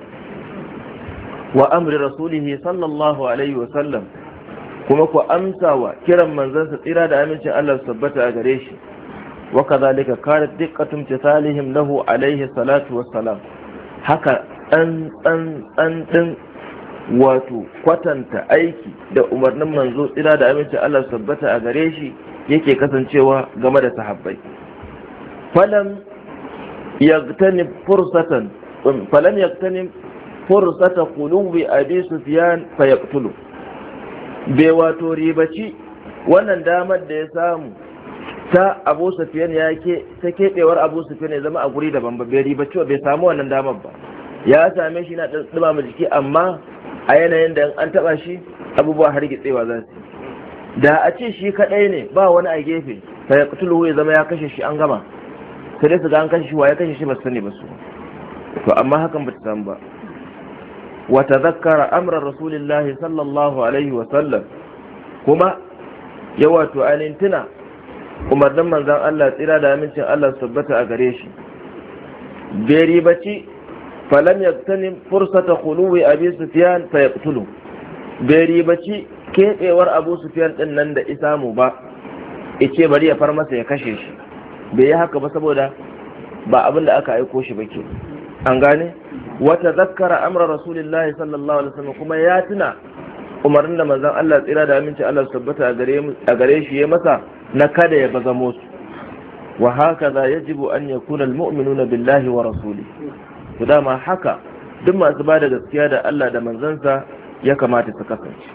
wa amri rasulihi sallallahu alaihi wa sallam kuma ku amsa wa kiran manzansa tsira da amincin Allah su tabbata a gare shi وكذلك كانت دقة امتثالهم له عليه الصلاة والسلام haka ɗan ɗan ɗan ɗin kwatanta aiki da umarnin manzo tsira da aminci Allah sabbata a gare shi yake kasancewa game da sahabbai falam yagtani fursatan falam yagtani fursata qulubi abi sufyan fayaqtulu bai wato ribaci wannan damar da ya samu ta abu sufiyan ya ke ta keɓewar abu sufiyan ya zama a guri daban ba bai riba cewa bai samu wannan damar ba ya same shi na ɗumama jiki amma a yanayin da an taɓa shi abubuwa har gitsewa za su da a ce shi kaɗai ne ba wani a gefe sai ya kutulu ya zama ya kashe shi an gama sai dai su ga an kashe shi wa ya kashe shi ba sani ba su to amma hakan ba ta samu ba wa tazakkara amran rasulillahi sallallahu alaihi wa sallam kuma ya wato tuna umarnin manzan Allah tsira da amincin Allah su tabbata a gare shi bai ribaci falam a fursata su abi ta ya kutulu bai ribaci kebewar abu sufyan din nan da mu ba ice bari ya far masa ya kashe shi bai yi haka ba saboda ba abin da aka aiko shi ba ke an gane wata zakkara amra rasulillahi sallallahu alaihi wasallam kuma ya tuna umarnin da manzon Allah tsira da aminci Allah su tabbata a gare shi ya masa na kada ya baza musu wa haka za ya jibu an ya kuna almu'minuna billahi wa rasuli to dama haka duk masu ba da gaskiya da Allah da manzansa ya kamata su kasance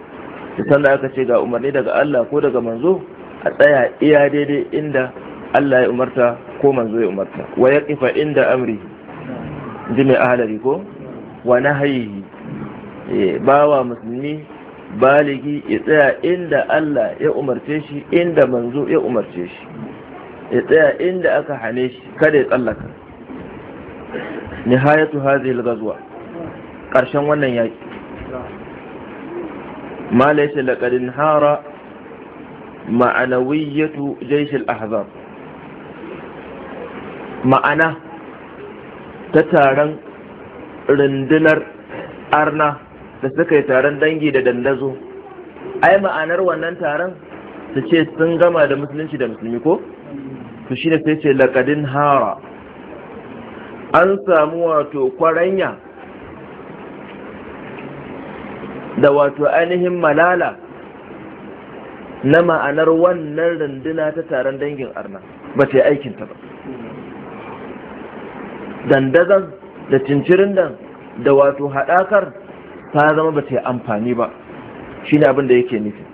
da sanda aka ce ga umarni daga Allah ko daga manzo a tsaya iya daidai inda Allah ya umarta ko manzo ya umarta wa ya kifa inda amri ji mai ahalari ko wa nahayi eh, bawa musulmi baligi ya tsaya inda Allah ya umarce shi inda manzo ya umarce shi ya tsaya inda aka hane shi kada ya tsallaka nihayatu hadhihi al-ghazwa karshen wannan yaki ma laysa laqad inhara ma'anawiyatu jaysh al-ahzab ma'ana ta taron rundunar arna da suka yi taron dangi da dandazo ai ma'anar wannan taron su ce sun gama da musulunci da musulmi ko su shi da sai ce lakadin hara an samu wato kwaranya da wato ainihin malala na ma'anar wannan runduna ta taron dangin arna ba ta yi aikinta ba dandazan da cincirin da wato haɗakar ta zama ba ta yi amfani ba shi ne abin yake nufi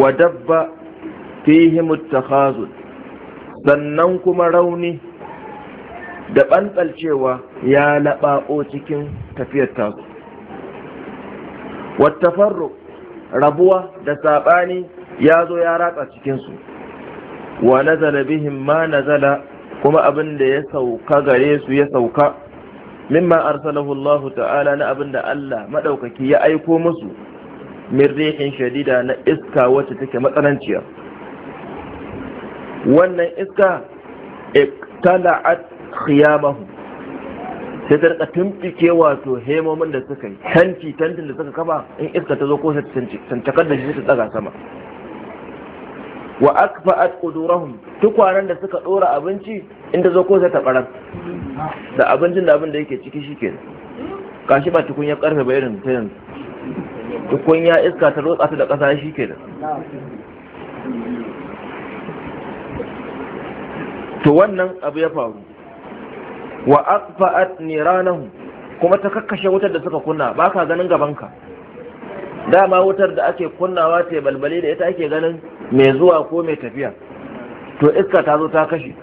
wa dabba fihi mutakhazul sannan kuma rauni da ɓanɓalcewa ya laɓaɓo cikin tafiyar tasu wattafarro rabuwa da saɓani ya zo ya ratsa cikinsu wa nazala bihim ma nazala kuma abin da ya sauka gare su ya sauka mimma arsalahu Allah ta'ala na abin da Allah madaukaki ya aiko musu min rihin shadida na iska wacce take matsananciya wannan iska iktala'at khiyamahu sai ta rika tumfike wato hemomin da suka yi tanti tantin da suka kafa in iska ta zo ko ta da shi ta tsaga sama wa akfa'at qudurahum tukwanan da suka dora abinci inda zo ko sai ta karar da abincin da abin da yake ciki shike kashi ba tukun ya karfe ba irin ta yanzu tukun ya iska ta rotsa ta da kasa shike da to wannan abu ya faru wa akfa'at niranahum kuma ta kakkashe wutar da suka kunna baka ganin gabanka dama wutar da ake kunnawa ta balbali da ita ake ganin mai zuwa ko mai tafiya to iska ta zo ta kashe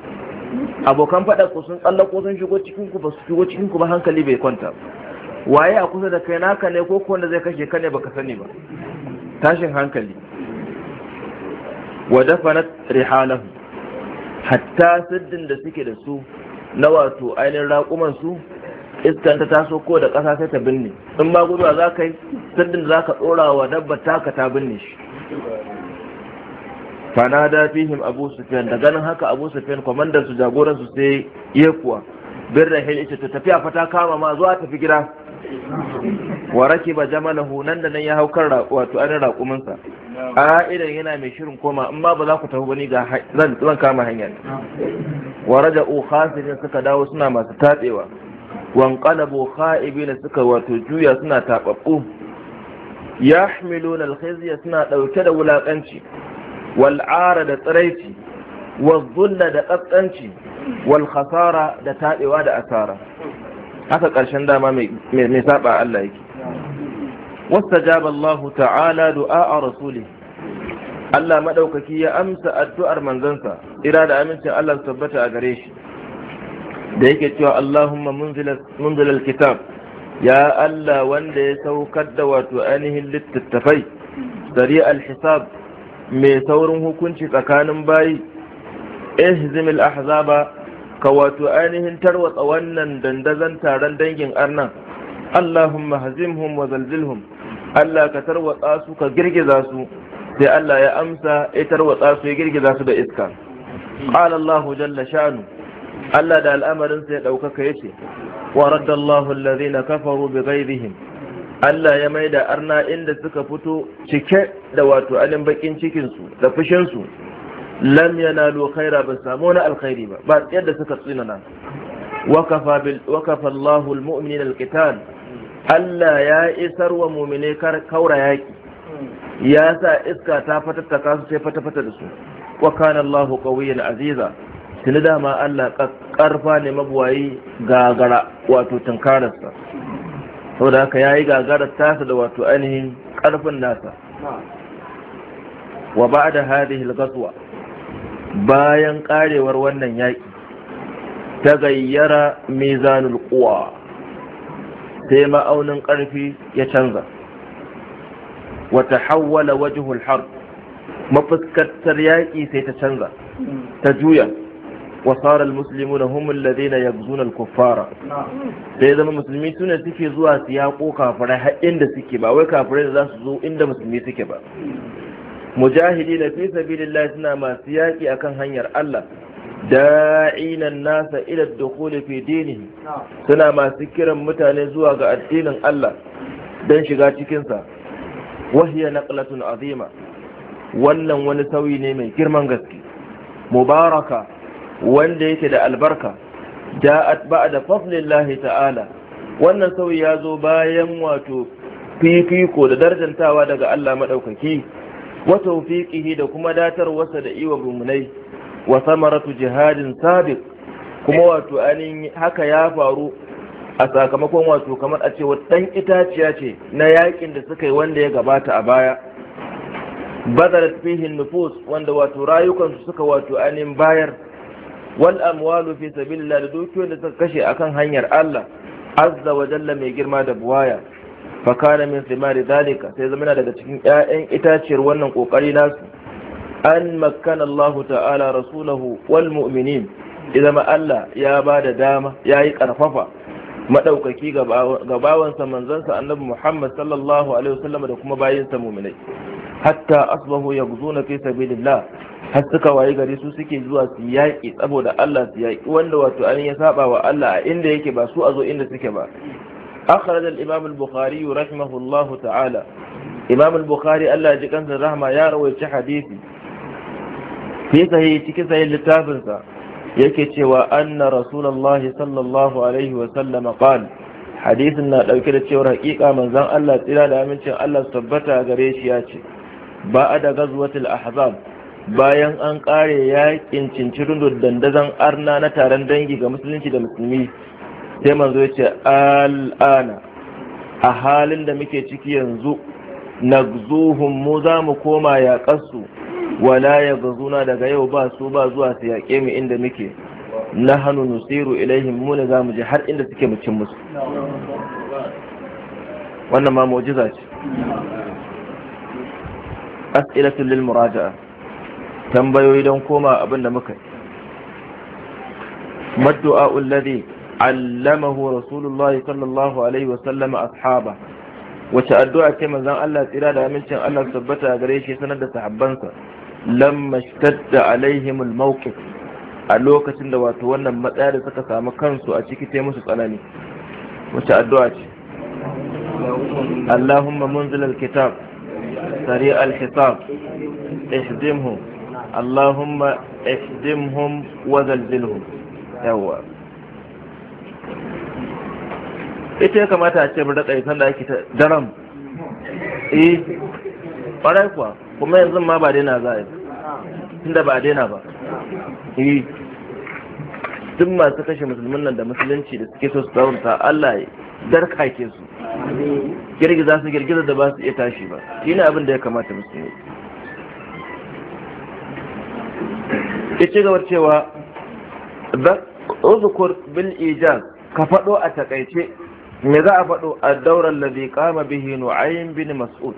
abokan faɗa ku sun tsallako sun shigo cikin ku ba su shigo cikin ku ba hankali bai kwanta waye a kusa da kai naka ne ko wanda zai kashe ka ne baka sani ba tashin hankali wa dafanat rihalahu hatta siddin da suke da su na wato ainihin raƙuman su iskan ta taso ko da ƙasa sai ta binne in ba guduwa za ka yi sandin za ka tsora wa dabba taka ta binne shi fana da fihim abu sufiyan da ganin haka abu sufiyan kwamandan su jagoran su sai ya kuwa bin rahil ita ta tafiya fata kama ma zuwa tafi gida wa rake ba jamalahu nan da nan ya hau kan wato anin raƙuminsa a idan yana mai shirin koma in ma ba za ku tafi wani ga zan kama hanyar wa raja'u khasirin suka dawo suna masu tatsewa wanqalabu na suka wato juya suna tababbu yahmiluna alkhizya suna ɗauke da wulaƙanci, wal'ara da tsiraici wal da ƙasƙanci, wal da taɓewa da asara haka ƙarshen dama mai saba Allah yake wastajaba Allah ta'ala du'a rasuli Allah maɗaukaki ya amsa addu'ar manzansa, ira da amincin Allah tabbata a gare shi, da yake cewa Allahumma munzil al-kitab ya Allah wanda ya saukar da wato ainihin littattafai sari al mai saurin hukunci tsakanin bayi ihzim al-ahzaba ka wato ainihin tarwatsa wannan dandazan taron dangin arnan Allahumma hazimhum wa zalzilhum Allah ka tarwatsa su ka girgiza su sai Allah ya amsa ya tarwatsa su ya girgiza su da iska qala Allahu jalla Allah da al'amarin sai ɗaukaka ya ce wa raddallahu allazina kafaru bi ghairihim Allah ya maida arna inda suka fito cike da wato alin bakin cikin su da fushinsu lam yanalu khaira ba samu na alkhairi ba ba yadda suka tsinana wa kafa bil Allah ya isar wa mu'mine kaura yaki ya sa iska ta fatattaka su sai fata fata da su wa kana aziza tuni dama Allah karfa ne mabuwayi gagara wato tunkararsa saboda haka ya yi gagarar tasa da wato ainihin karfin nasa wa ba da hadihil gaswa bayan karewar wannan yaƙi ta gayyara mizanul kuwa sai ma'aunin ƙarfi ya canza wata hawwala wajihul har mafuskantar yaƙi sai ta canza ta juya Wasarar sarar musulmi na humul ladina ya zunar kuffara da ya zama musulmi suna suke zuwa su yaƙo kafirai har inda suke ba wai kafirai da za su zo inda musulmi suke ba mujahidi na fi suna masu yaƙi akan hanyar Allah da'inan nasa ila dukhuli fi dinihi suna masu kiran mutane zuwa ga addinin Allah don shiga cikinsa wahiya naqlatun azima wannan wani sauyi ne mai girman gaske mubaraka wanda yake da albarka ja'at ba'da fadlillahi ta'ala wannan sauyi ya zo bayan wato fifiko da darjantawa daga Allah madaukaki wa tawfiqihi da kuma datar wasa da iwa bumunai wa samaratu jihadin sabiq kuma wato anin haka ya faru a sakamakon wato kamar a ce dan itaciya ce na yakin da suka yi wanda ya gabata a baya badalat fihi nufus wanda wato rayukansu suka wato anin bayar wal amwalu fi sabilillah da dukiyoyin da suka kashe akan hanyar Allah azza wa jalla mai girma da buwaya fa kana min thimari dalika sai zama daga cikin ƴaƴan itaciyar wannan kokari nasu an makkana Allah ta'ala rasulahu wal mu'minin idan Allah ya ba da dama ya yi karfafa madaukaki ga bawansa manzansa annabi Muhammad sallallahu alaihi wasallam da kuma bayinsa mu'minai hatta asbahu yaghzuna fi sabilillah har suka wayi gari su suke zuwa su yaƙi saboda Allah su yaƙi wanda wato an ya saba wa Allah a inda yake ba su a zo inda suke ba akhraj al-imam al-bukhari rahimahullahu ta'ala imam al-bukhari Allah ya ji kansa rahma ya rawaici hadisi fi sahihi cikin sahih littafin sa yake cewa anna rasulullahi sallallahu alaihi wa sallam qala hadisin na dauke da cewar hakika manzon Allah tsira da amincin Allah tabbata gare shi ya ce ba a da gazwatul ahzab bayan an kare yakin cincirin dandazon arna na taron dangi ga musulunci da musulmi sai manzo ya ce al'ana a halin da muke ciki yanzu na mu za mu koma yaƙarsu wala ya zuna daga yau ba su ba zuwa su yaƙe mu inda muke na hannu nusiru ilaihim mu ne za mu je har inda suke mu musu wannan ma mu'jiza ce as'ilatul lil muraja'a tambayoyi don koma abin da muka maddu'a alladhi allamahu rasulullahi sallallahu alaihi wa ashaba wace addu'a ce manzon Allah tsira da amincin Allah tabbata gare shi sanar da sahabbansa lamma shtadda alaihim almawqif a lokacin da wato wannan matsaya da suka samu kansu a ciki sai musu tsanani wace addu'a ce Allahumma munzil alkitab sari alhisab ihdimhu Allahumma ihdimhum wa zalzilhum yawa ita ya kamata a ce mu daɗa isan da ake ta daram eh ƙwarai kuwa kuma yanzu ma ba daina za a yi tunda ba a daina ba eh duk masu kashe musulmin nan da musulunci da suke so su zaunta Allah ya darka ke su girgiza su girgiza da ba su iya tashi ba shine abin da ya kamata musulmi ya gabar cewa uzukur bil ijaz ka faɗo a takaice me za a faɗo a daurar ladhi kama bihi nu'aym bin mas'ud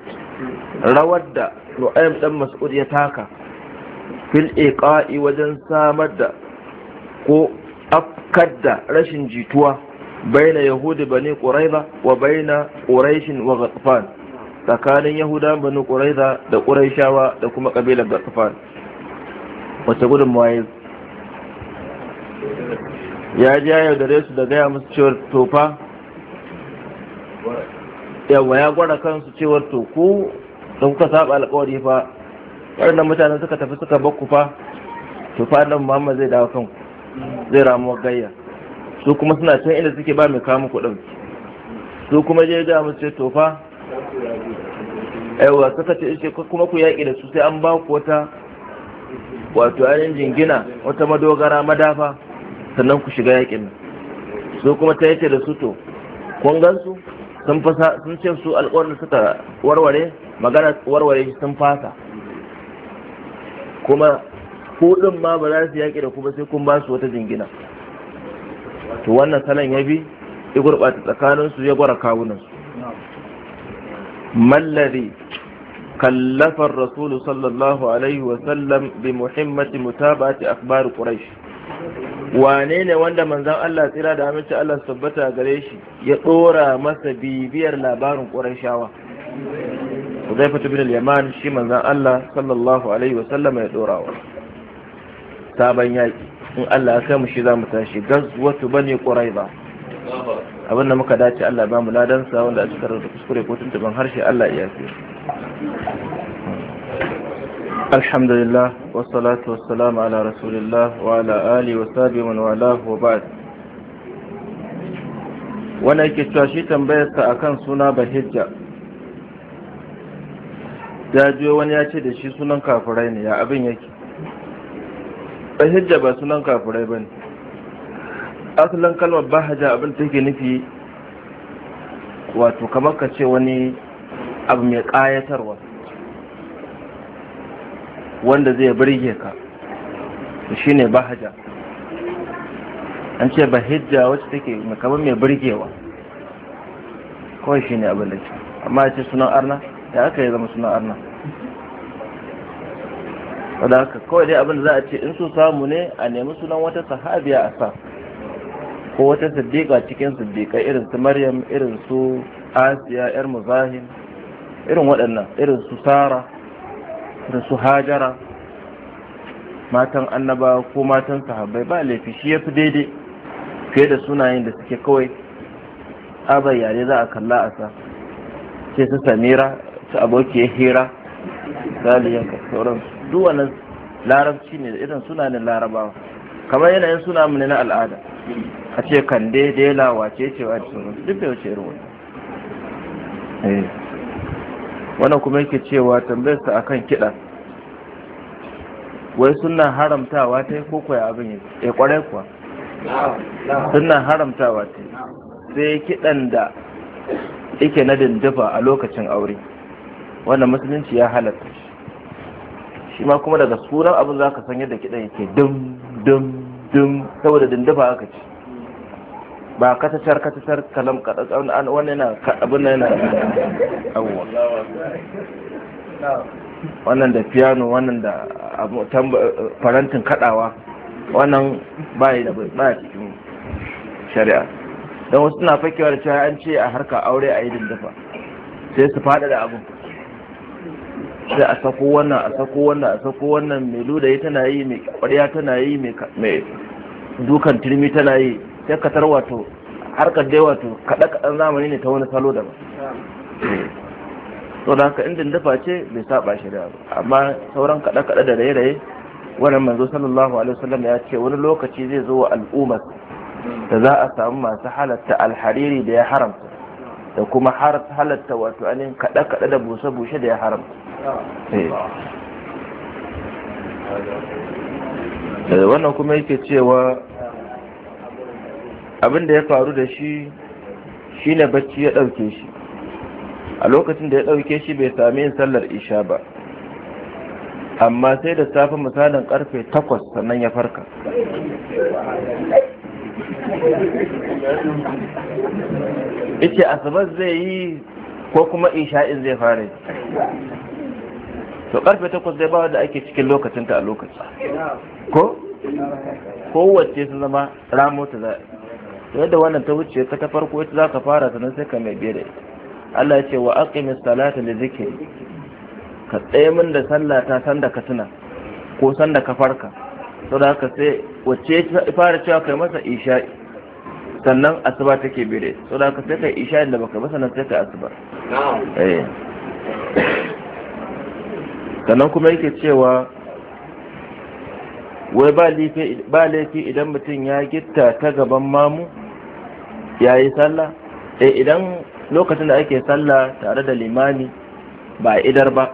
rawar da nu'aym dan mas'ud ya taka fil iqa'i wajen samar da ko afkar da rashin jituwa baina yahudi bani quraiza wa baina quraish wa ghatfan tsakanin yahuda bani quraiza da quraishawa da kuma kabilar ghatfan wata gudun ya ya ji ya yaudare su da gaya musu cewar tofa yawa ya gwada kansu cewar to ku da kuka saba alkawari fa waɗannan mutanen suka tafi suka bakku fa tofa nan Muhammad zai dawo kan, zai ramu gayya su kuma suna can inda suke ba mai kamun kuɗin su kuma je ga musu ce tofa fa yawa suka ce kuma ku yaƙi da su sai an ba ku wata wato ainihin jingina wata madogara madafa sannan ku shiga yakin nan su kuma ta yace da su to kun gansu sun fasa sun ce su alƙawarin suka warware magana warware sun fasa kuma kuɗin ma ba za su yaƙi da kuma sai kun ba su wata jingina to wannan salon ya bi ya gurɓata tsakaninsu ya gwara kawunansu mallari كلف الرسول صلى الله عليه وسلم بمحمة متابعة أخبار قريش wane wanda manzan Allah tsira da aminci Allah tabbata gare shi ya tsora masa bibiyar labarin Qurayshawa Hudayfa bin al-Yaman shi manzan Allah sallallahu alaihi ya tsorawa saban yaki in Allah ya kai mu shi zamu muka dace Allah ba mu ladan wanda a cikin kuskure ko tuntuban harshe Allah ya yafe الحمد لله والصلاة والسلام على رسول الله وعلى آله وصحبه من والاه وبعد wanda yake cewa shi tambayarsa akan suna bahijja ya je wani ya ce da shi sunan kafirai ne ya abin yake bahijja ba sunan kafirai ba ne asalin kalmar bahaja abin take nufi wato kamar ka ce wani abu mai ƙayatarwa wanda zai birge ka shi ne bahaja an ce bahijja wacce take kamar mai birgewa kawai shi ne abin da ce amma ce sunan arna da aka yi zama sunan arna wadda haka kawai dai abin da za a ce in su samu ne a nemi sunan wata sahabiya a sa ko wata saddiƙa cikin saddiƙa irin su maryam irin su asiya yar muzahim irin waɗannan irin su sara da su hajara matan annaba ko matan sahabbai ba laifi shi ya fi daidai fiye da sunayen da suke kawai a bayyane za a kalla a sa ce su samira su aboki hira saliyan sauran duk wannan larabci ne da irin sunayen larabawa kamar yanayin suna mu ne na al'ada a ce kande dela wace cewa da sauransu duk da wace irin wannan eh. wannan kuma yake cewa tambayar sa akan kida wai suna haramtawa ta ko kwaya abin ya kwarai eh, kuwa suna haramtawa ta sai kiɗan da yake na dindifa a lokacin aure wannan musulunci ya halatta shi ma kuma daga sunan abin za ka san yadda kiɗan yake dum dum dum saboda dindifa aka ce ba katatar katatar kalam an wani na abin nan yana abuwa wannan da piano wannan da farantin kaɗawa wannan bai da baya cikin shari'a don wasu suna fakewa da cewa an ce a harka aure a yi dafa, sai su fada da abin sai a sako wannan a sako wannan a sako wannan mai luda tana yi mai kwarya tana yi mai dukan turmi tana yi sai wato harkar dai wato kaɗa kaɗan zamani ne ta wani salo ba to da haka indin dafa ce bai saba shi da amma sauran kaɗa kaɗa da raye raye wannan manzo sallallahu alaihi wasallam ya ce wani lokaci zai zo wa al'umma da za a samu masu halatta alhariri da ya haramta da kuma halatta wato anin kaɗa kaɗa da busa bushe da ya haramta eh. Eh, wannan kuma yake cewa abin da ya faru da shi shi ne bacci ya ɗauke shi a lokacin da ya ɗauke shi bai sami yin sallar isha ba amma sai da safin misalin karfe takwas sannan ya farka ice asabar zai yi ko kuma isha'in zai fara to karfe takwas zai ba da ake cikin lokacinta a lokaci ko kowace sun zama ramota za'a to yadda wannan ta wuce ka ta farko ita zaka fara ta sai ka mai biye da ita Allah ya ce wa aqimis salata li zikri ka tsaye min da sallah ta san da ka tuna ko san da ka farka saboda haka sai wacce ta fara cewa kai masa isha'i sannan asuba take biye da ita saboda haka sai kai isha da baka masa nan sai kai asuba na'am eh sannan kuma yake cewa wai ba laifi idan mutum ya gitta ta gaban mamu ya yi sallah eh idan lokacin da ake sallah tare da limami ba idar ba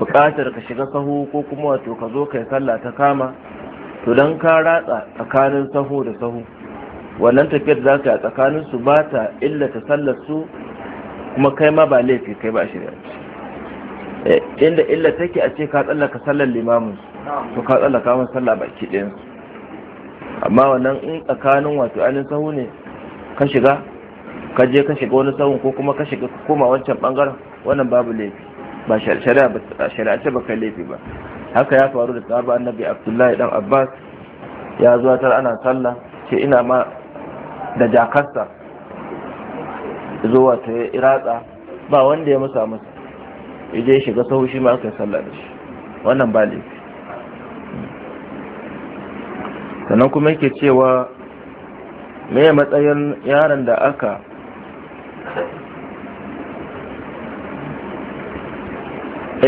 buƙatar ka shiga sahu ko kuma wato ka zo kai sallah ta kama to don ka ratsa tsakanin sahu da sahu wannan tafiyar za ka yi a tsakanin su ba ta illata sallar su kuma kai ma ba laifi kai ba shirya eh, inda illa take a ce ka tsallaka sallar limamin to ka tsallaka masa sallah baki ɗayan amma wannan in tsakanin wato ainihin sahu ne ka shiga ka je ka shiga wani sahun ko kuma ka shiga ka koma wancan bangaren wannan babu laifi ba ce ba kai laifi ba haka ya faru da sahaba annabi abdullahi dan abbas ya zuwa tar ana sallah ce ina ma da jakarsa zuwa ta iratsa ba wanda ya musa masa ya je shiga sahu shi ma aka sallah da shi wannan ba laifi sannan kuma yake cewa me matsayin yaron da aka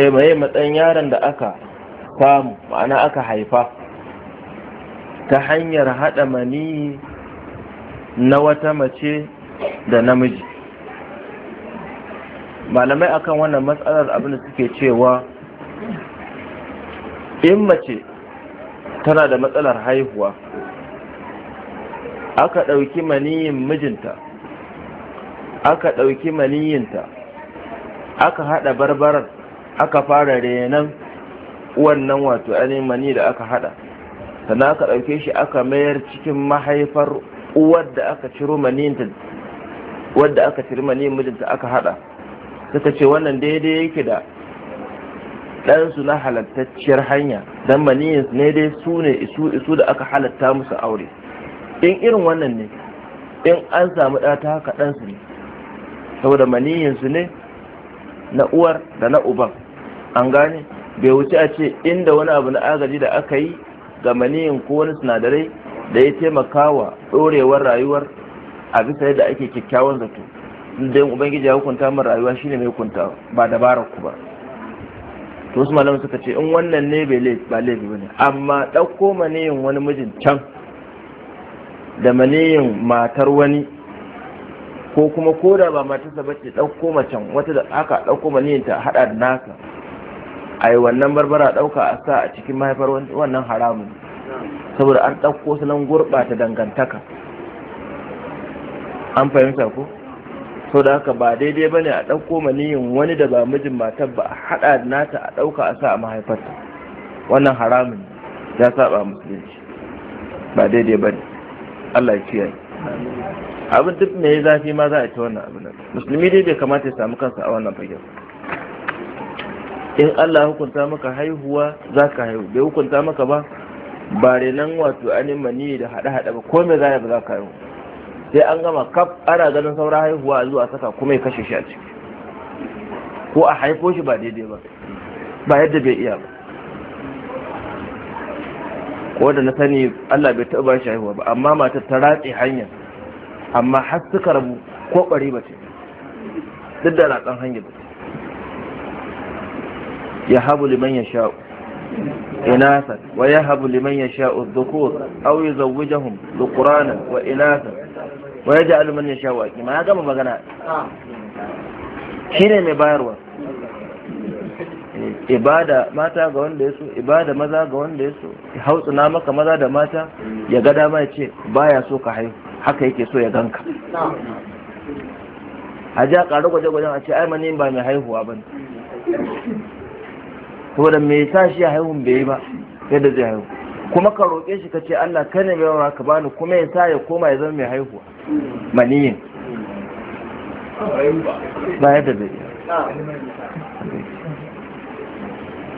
eh me matsayin yaron da aka samu ma'ana aka haifa ta hanyar haɗa mani na wata mace da namiji malamai akan wannan matsalar abin da suke cewa in mace tana da matsalar haihuwa aka ɗauki maniyin mijinta aka ɗauki maniyinta aka haɗa barbarar aka fara renon wannan wato ainihin mani da aka haɗa sannan aka ɗauke shi aka mayar cikin mahaifar uwar da aka ciro maniyinta wadda aka ciri maniyin mijinta aka haɗa suka ce wannan daidai yake da ɗansu na halattacciyar hanya don maniyin ne dai su ne isu isu da aka halatta musu aure in irin wannan ne in an samu ɗa ta haka ɗansu ne saboda su ne na uwar da na uban an gane bai wuce a ce inda wani abu na agaji da aka yi ga maniyin ko wani sinadarai da ya taimaka wa ɗorewar rayuwar a bisa yadda ake kyakkyawan zato da ubangiji ya hukunta min rayuwa shine mai hukunta ba dabarar ku ba to su malamai suka ce in wannan ne bai ba laifi ba ne amma ɗauko maniyin wani mijin can da maniyin matar wani ko kuma ko da ba matarsa ba ce ɗauko macen wata da aka ɗauko maniyin ta haɗa da naka a yi wannan barbara ɗauka a sa a cikin mahaifar wannan haramun saboda an ɗauko su nan gurɓata dangantaka an fahimta ko so da haka ba daidai ba ne a ɗauko maniyin wani da ba mijin matar ba a haɗa nata a ɗauka a sa a mahaifarta wannan haramun ya saba musulunci ba daidai ba ne allah ya kiyaye abin duk mai zafi ma za a ci wannan abin musulmi dai bai kamata ya samu kansa a wannan fagen in allah hukunta maka haihuwa za ka haihu bai hukunta maka ba ba renan wato anin maniyi da haɗe-haɗe ba ko me za ba za ka haihu sai an gama kaf ana ganin saura haihuwa zuwa saka kuma ya kashe shi a ciki ko a haifo shi ba daidai ba ba yadda bai iya ba ko da na sani Allah bai taɓa shi haihuwa ba amma matar ta ratse hanya amma har suka rabu ko ƙwari ba ce duk da ratsan hanya ba ya habu liman ya sha'u إناثا ويهب لمن يشاء الذكور أو يزوجهم wa وإناثا wa ya ja'alu ya yasha wa ma ya gama magana shine mai bayarwa eh, ibada mata ga wanda ya so ibada maza ga wanda ya so na maka maza da mata ya ga dama ya ce baya so ka haihu haka yake so ya ganka a ja ƙaru gwaje-gwajen a ce ai mani ba mai haihuwa ba ne saboda me sa shi ya haihun bai yi ba yadda zai haihu kuma ka roƙe shi ka ce Allah ka ne mai ka bani kuma ya sa ya koma ya zama mai haihuwa maniyin ba yadda zai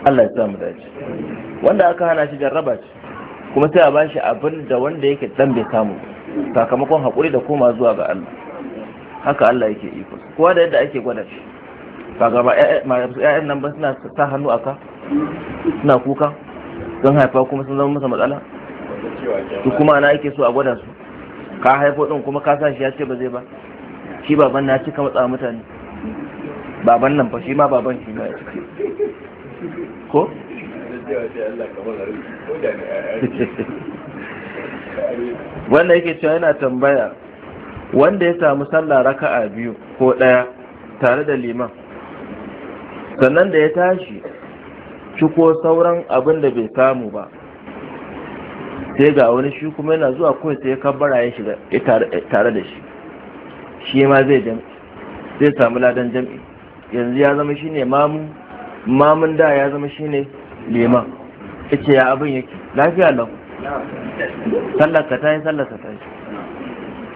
Allah ya sa mu dace wanda aka hana shi jarraba ce kuma sai a shi abin da wanda yake dan bai samu sakamakon haƙuri da koma zuwa ga Allah haka Allah yake iko kowa da yadda ake gwada shi ba gaba ƴaƴan nan ba suna sa hannu aka suna kuka sun haifa kuma sun zama masa matsala su kuma na ake so a gwada su ka haifo din kuma ka sa shi ya ce ba zai ba shi baban na cika matsawa mutane baban nan fa shi ma baban shi ma ya cika ko wanda yake cewa yana tambaya wanda ya samu sallah raka'a biyu ko ɗaya tare da liman sannan da ya tashi ciko sauran abin da bai samu ba sai ga wani shi kuma yana zuwa kawai sai kabbara ya shiga tare da shi shi ma zai jam'i zai samu ladan jam'i yanzu ya zama shi ne mamun da ya zama shi ne liman ce ya abin yake lafiya lau sallaka ta yi sallaka ta yi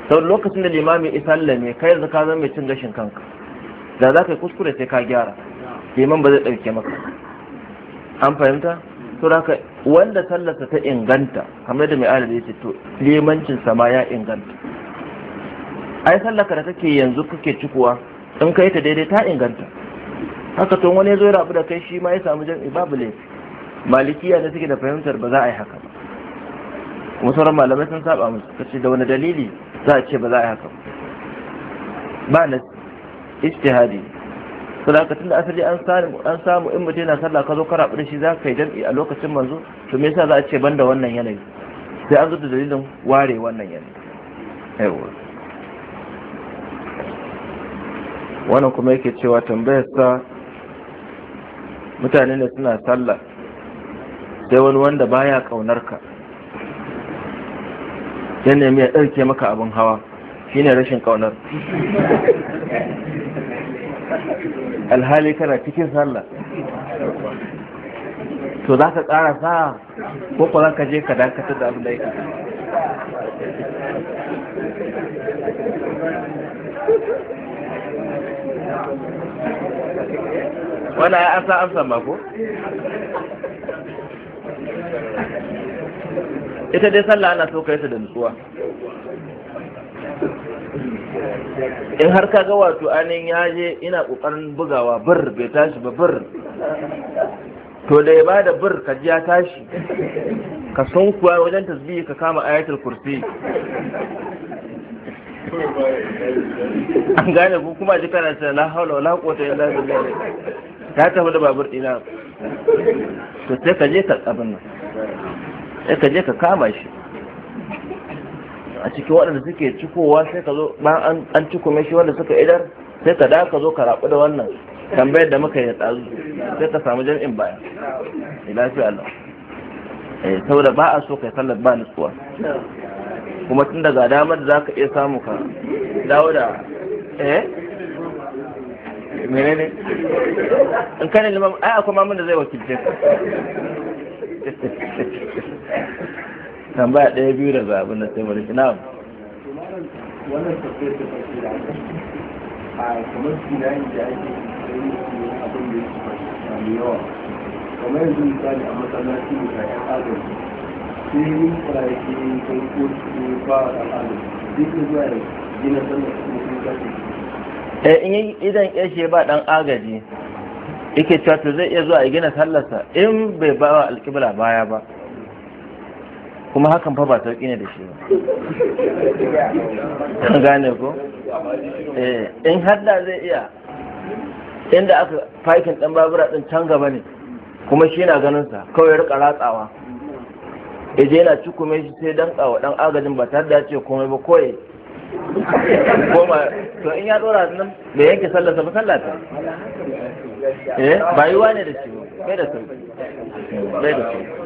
sau lokacin da limami isa sallame kai yanzu ka zama mai cin gashin kanka da za ka yi kuskure sai ka gyara liman ba zai ɗauke maka an fahimta to da wanda sallarsa ta inganta kamar da mai alade ya ce to limancin sama ya inganta ai sallaka da kake yanzu kake cikuwa in kai ta daidai ta inganta haka to wani ya zo rabu da kai shi ma ya samu jan babu laifi malikiya da suke da fahimtar ba za a yi haka ba kuma sauran malamai sun saba musu kace da wani dalili za a ce ba za a yi haka ba ba na ijtihadi to da da asali an samu an samu in mutum yana sallah ka zo ka da shi za ka yi jam'i a lokacin manzo to me yasa za a ce banda wannan yanayi sai an zo da dalilin ware wannan yanayi aiwa wannan kuma yake cewa tambayar sa mutane ne suna sallah sai wani wanda baya kaunar ka ya nemi ya ɗauke maka abin hawa shine rashin kaunar alhali kana cikin sallah to za ka tsara sa ko ko za ka je ka dakatar da abin da yake wani ya asa amsa ba ko ita dai sallah ana so kai ta da nutsuwa in har ka ga wato anin ya je ina kokarin bugawa bir bai tashi ba bir to da ya ba da bir ka ji ya tashi ka son kuwa wajen tasbihi ka kama ayatul kursi an gane ku kuma ji kana cewa la hawla wala quwwata illa billah ta tafi da babur dina to sai ka je ka abin nan sai ka je ka kama shi a cikin waɗanda suke cikowa sai ka zo bayan an mai shi wanda suka idar sai ka da ka zo ka rabu da wannan tambayar da muka yi ɗazu sai ka samu jami'in baya ilafi eh, Allah Eh, saboda ba a so kai sallar ba nutsuwa kuma tun daga damar da za ka iya samu ka dawo da eh menene in kana limam ai akwai mamun da zai wakilce ka tambaya ɗaya biyu da zaɓin na sai mu na'am a eh, kamar yi da ya yanzu misali a kayan adam sai yin su ba a duk da zuwa da gina kuma sun kashe idan ba dan agaji yake cewa zai iya zuwa a gina sallarsa in bai ba wa alƙibla baya ba kuma hakan fa ba sauƙi ne da shi ba gane ko eh, in hadda zai iya inda aka fakin ɗan babura ɗin can gaba ne kuma shi na ganin sa kawai rika ratsawa je yana cikume shi sai dan kawo dan agajin ba ta da ce komai ba koyi goma to in ya dora nan da yanke sa ba ta eh bayuwa ne da shi ba da sauki bai da sauki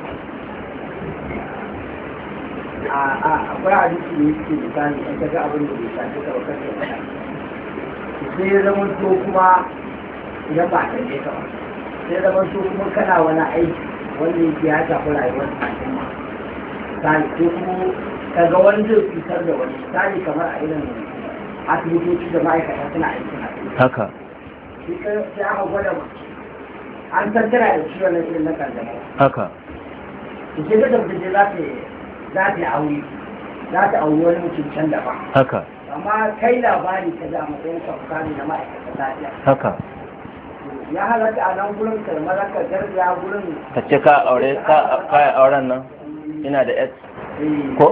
akwai hadisi da yake misali in ka ga abin da bai shafi ka ba kake faɗa sai ya zama to kuma idan ba ta ne ka ba sai ya zama to kuma kana wani aiki wanda yake ya shafi rayuwar al'umma misali ko kuma ka ga wani zai fitar da wani misali kamar a irin asibitoci da ma'aikata suna aiki haka sai aka gwada an tattara da ciwon na irin na kanjamau haka to sai ka tabbata za ka za ta aure za ta aure wani mutum da ba haka amma kai labari ka za mu kai ka fuka da ma'aikata lafiya haka ya halatta a nan gurin karmar ka garza gurin ka ce ka aure ka kaya auren nan ina da s eh. ko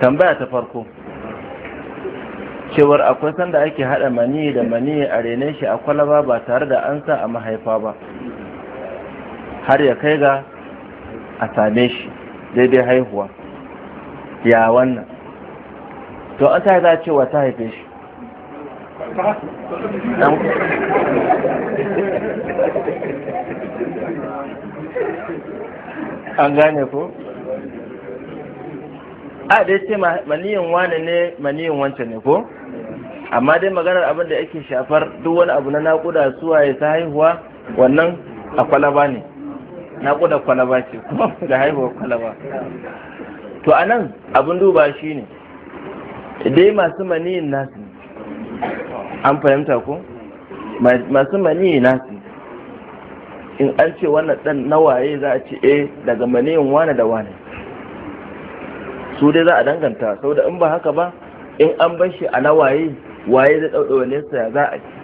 tambaya ta farko cewar akwai sanda ake hada mani da mani a rene shi a kwalaba ba tare da an sa a mahaifa ba har ya kai ga a same shi daidai haihuwa ya wannan to an ta za cewa ta haife shi an gane ko a da ce maniyin wane ne maniyin wancan ne ko amma dai maganar abin da yake shafar duk wani abu na naƙuda suwaye ta haihuwa wannan a kwalaba ne Na kuda kwalaba ce kuma da haihuwar kwalaba to a nan abin duba shi ne dai masu maniyin nasu an fahimta ko masu maniyin nasu in an ce wannan dan nawaye za a ce eh daga maniyin wane da wane su dai za a danganta saboda in ba haka ba in an bar shi a nawaye waye zai ɗauɗa wane sa za a ce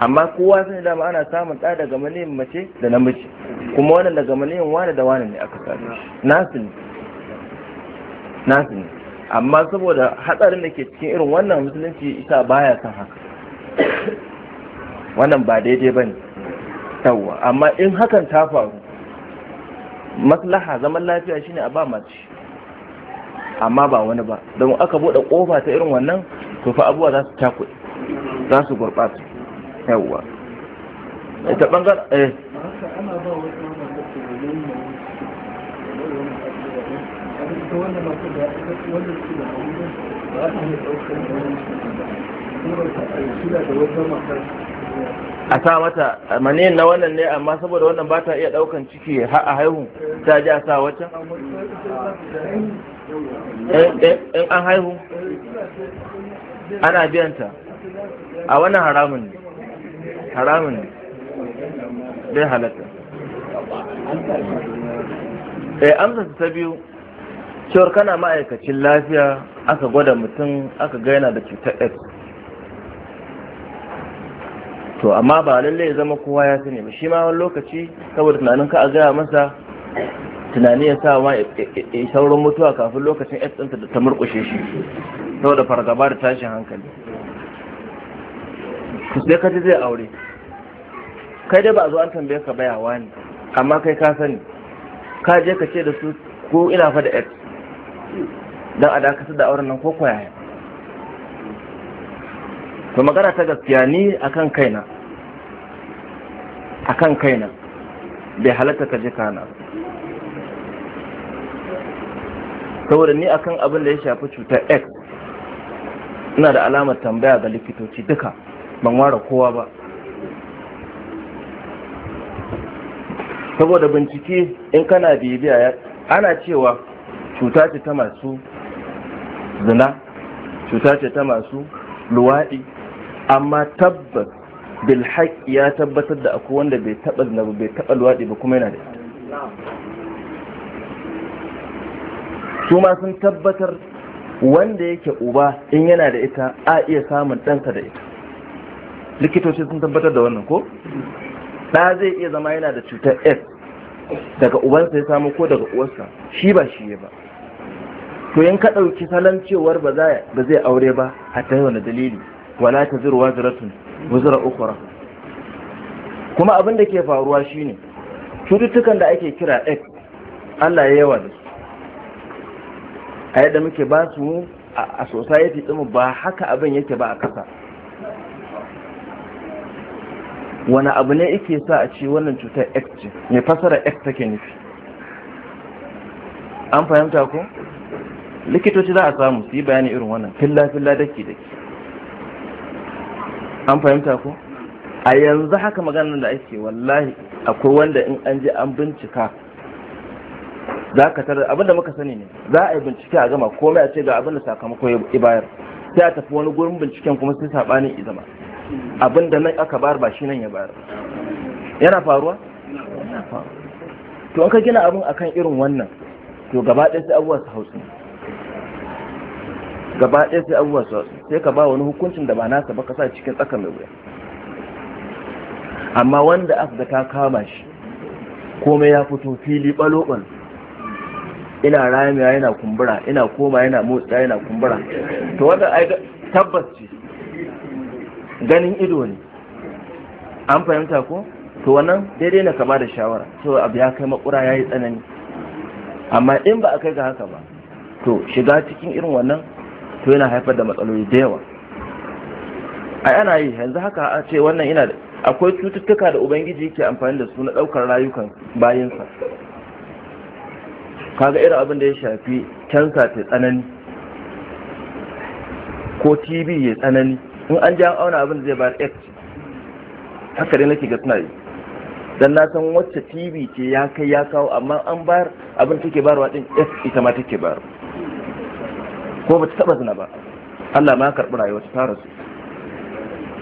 amma kowa sani dama ana samun ɗa daga maniyin mace da namiji kuma wannan daga maniyin wani da wani ne aka samu nasu ne nasu ne amma saboda hatsarin da ke cikin irin wannan musulunci isa baya son haka wannan ba daidai ba ne yawwa amma in hakan ta faru maslaha zaman lafiya shine a ba mace amma ba wani ba don aka buɗe ƙofa ta irin wannan to fa abubuwa za su cakuɗe za su gurɓata yawwa ta bangar eh a sa mata mani na wannan ne amma saboda wannan ba ta iya daukan ciki a haihu ta ji a sa wata eh, eh, in an haihu ana biyanta a wannan haramun ne haramun ne bai halatta eh amsa ta biyu cewar kana ma'aikacin lafiya aka gwada mutum aka gaina da cutar x to amma ba lallai zama kowa ya sani ba shi ma wani lokaci saboda tunanin ka a gaya masa tunani ya sa ma saurin mutuwa kafin lokacin x ɗinta da ta murkushe shi saboda fargaba da tashin hankali sai ka ji zai aure kai dai ba a zo an tambaye ka bayawa ne amma kai ka sani ka je ka ce da su ko ina fa da x don a dakatar da auren nan ko kwayaya. to magana ta gaskiya ni akan kaina akan kaina bai halatta ka je kana saboda ni akan abin da ya shafi cutar x ina da alamar tambaya ga likitoci duka ban ware kowa ba saboda bincike in kana bibiya ana cewa cuta ce ta masu zina cuta ce ta masu luwaɗi amma tabbas bilhaƙ ya tabbatar da akwai wanda bai taɓa zina bai taɓa luwaɗi ba kuma yana da su ma sun tabbatar wanda yake uba in yana da ita a iya samun ɗansa da ita likitoci sun tabbatar da wannan ko ɗa zai iya zama yana da cutar s daga ubansa ya samu ko daga uwarsa shi ba shi ba to in ka ɗauki salon cewar ba zai aure ba ta yau wani dalili wala ta zirwa ziratun wuzura ukura kuma abin da ke faruwa shine cututtukan da ake kira x allah ya yawa da su a yadda muke ba su a society ɗinmu ba haka abin yake ba a ƙasa wani abu ne ike sa a ce wannan cutar x ce mai fasara x take nufi an fahimta ko likitoci za a samu su yi bayani irin wannan filla-filla daki daki an fahimta ko a yanzu haka maganar da ake wallahi akwai wanda in an je an bincika za ka tarar abinda muka sani ne za a yi bincike a gama komai a ce ga abinda sakamako ya bayar sai a tafi wani gurin binciken kuma sai saɓanin izama abin da nan aka bar ba shi nan ya bar. yana faruwa yana faruwa to an ka gina abin akan irin wannan to gaba ɗaya sai abuwa su hausu gaba ɗaya sai abuwa su hausu sai ka ba wani hukuncin da ba nasa ba ka sa cikin tsaka mai wuya amma wanda aka da ta kama shi komai ya fito fili balo ina ramiya yana kumbura ina koma yana motsa yana kumbura to wanda tabbas ce ganin ido ne an fahimta ko to wannan daidai na kama da shawara to abu ya kai makura ya yi tsanani amma in ba a kai ga haka ba to shiga cikin irin wannan to yana haifar da matsaloli da yawa A yana yi yanzu haka a ce wannan ina da akwai cututtuka da ubangiji yake amfani da su na ɗaukar rayukan bayansa kaga irin abin da ya shafi cansa ta tsanani ko TV ya tsanani in an ji an auna abin da zai bar x haka dai nake ga suna yi dan na san wacce tv ce ya kai ya kawo amma an bar abin take bayarwa din x ita ma take bar. ko ba ta taba zina ba Allah ma karɓi rayuwa ta tara su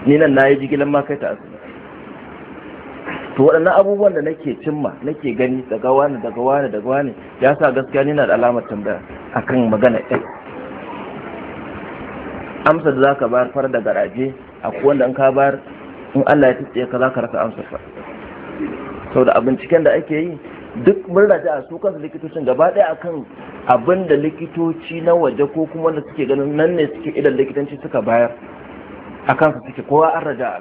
ni nan na yi jigilan ma kai ta asibiti to waɗannan abubuwan da nake cimma nake gani daga wani daga wani daga wani ya sa gaskiya ni na da alamar tambaya akan magana X. amsa da zaka bayar far da garaje akwai wanda in ka bayar in Allah ya tsiye ka zaka rasa amsa fa saboda a binciken da ake yi duk murna ta su kansu likitocin gaba daya akan abin da likitoci na waje ko kuma wanda suke ganin nan ne suke idan likitanci suka bayar a kansu suke kowa an raja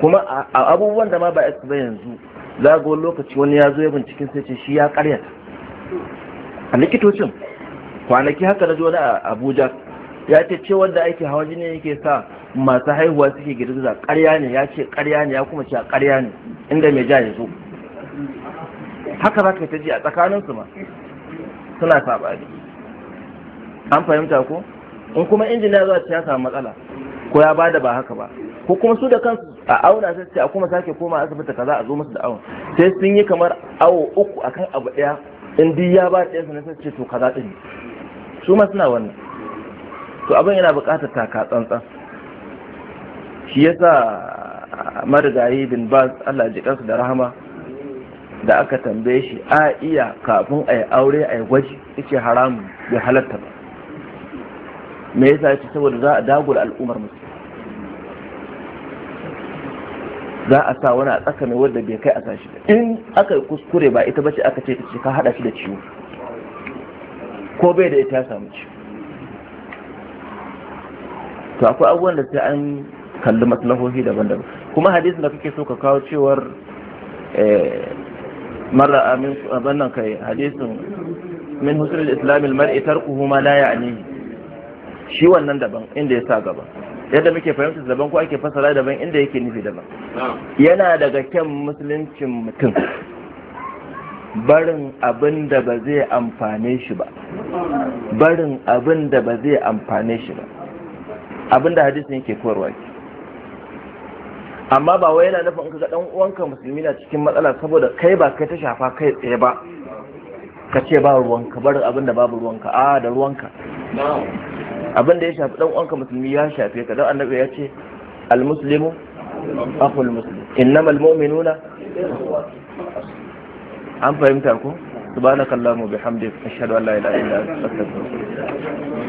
kuma a abubuwan da ma ba ba yanzu za ga lokaci wani ya zo ya binciken sai ce shi ya karyata a likitocin kwanaki haka na ji wani a abuja ya ce ce wanda ake hawa jini yake sa masu haihuwa suke girgiza ƙarya ne ya ce ƙarya ne ya kuma ce ƙarya ne inda mai ja ya zo haka za ka ta ji a tsakaninsu ma suna saɓani an fahimta ko in kuma injiniya zuwa ce ya samu matsala ko ya bada ba haka ba ko kuma su da kansu a auna sai ce a kuma sake koma asibiti kaza a zo musu da awon sai sun yi kamar awo uku akan abu ɗaya in duk ya ba ɗaya sanar sai ce to kaza ɗin su ma suna wannan to abin yana buƙatar taka tsantsan shi ya sa marigayi bin bas Allah ji kansu da rahama da aka tambaye shi a iya kafin a yi aure a yi gwaji yace haramun ya halatta ba me sa yace saboda za a dagul al'ummar musu za a sa wani a mai wanda bai kai a sashi in aka yi kuskure ba ita bace aka ce ta ce ka hada shi da ciwo ko bai da ita ya samu ciwo to akwai abubuwan da sai an kalli maslahohi daban-daban kuma hadisin da kake so ka kawo cewar eh, mara amin abannan kai hadisin min husnul islamil al-mar'i tarkuhu ma la ya'ni shi wannan daban inda ya sa gaba yadda muke fahimta daban ko ake fasara daban inda yake nufi daban yana daga kyan musuluncin mutum barin abin da ba zai amfane shi ba barin abin da ba zai amfane shi ba abinda ne yake kowarwa ke amma ba wai yana nufin ka ga dan uwanka musulmi na cikin matsala saboda kai ba kai ta shafa kai tsaye ba ka ce ba ruwanka bar abinda babu ruwanka a da ruwanka abinda ya shafi dan uwanka musulmi ya shafe ka dan annabi ya ce al muslimu akhul muslim innamal mu'minuna an fahimta ko subhanakallahumma bihamdika ashhadu an la ilaha illa anta astaghfiruka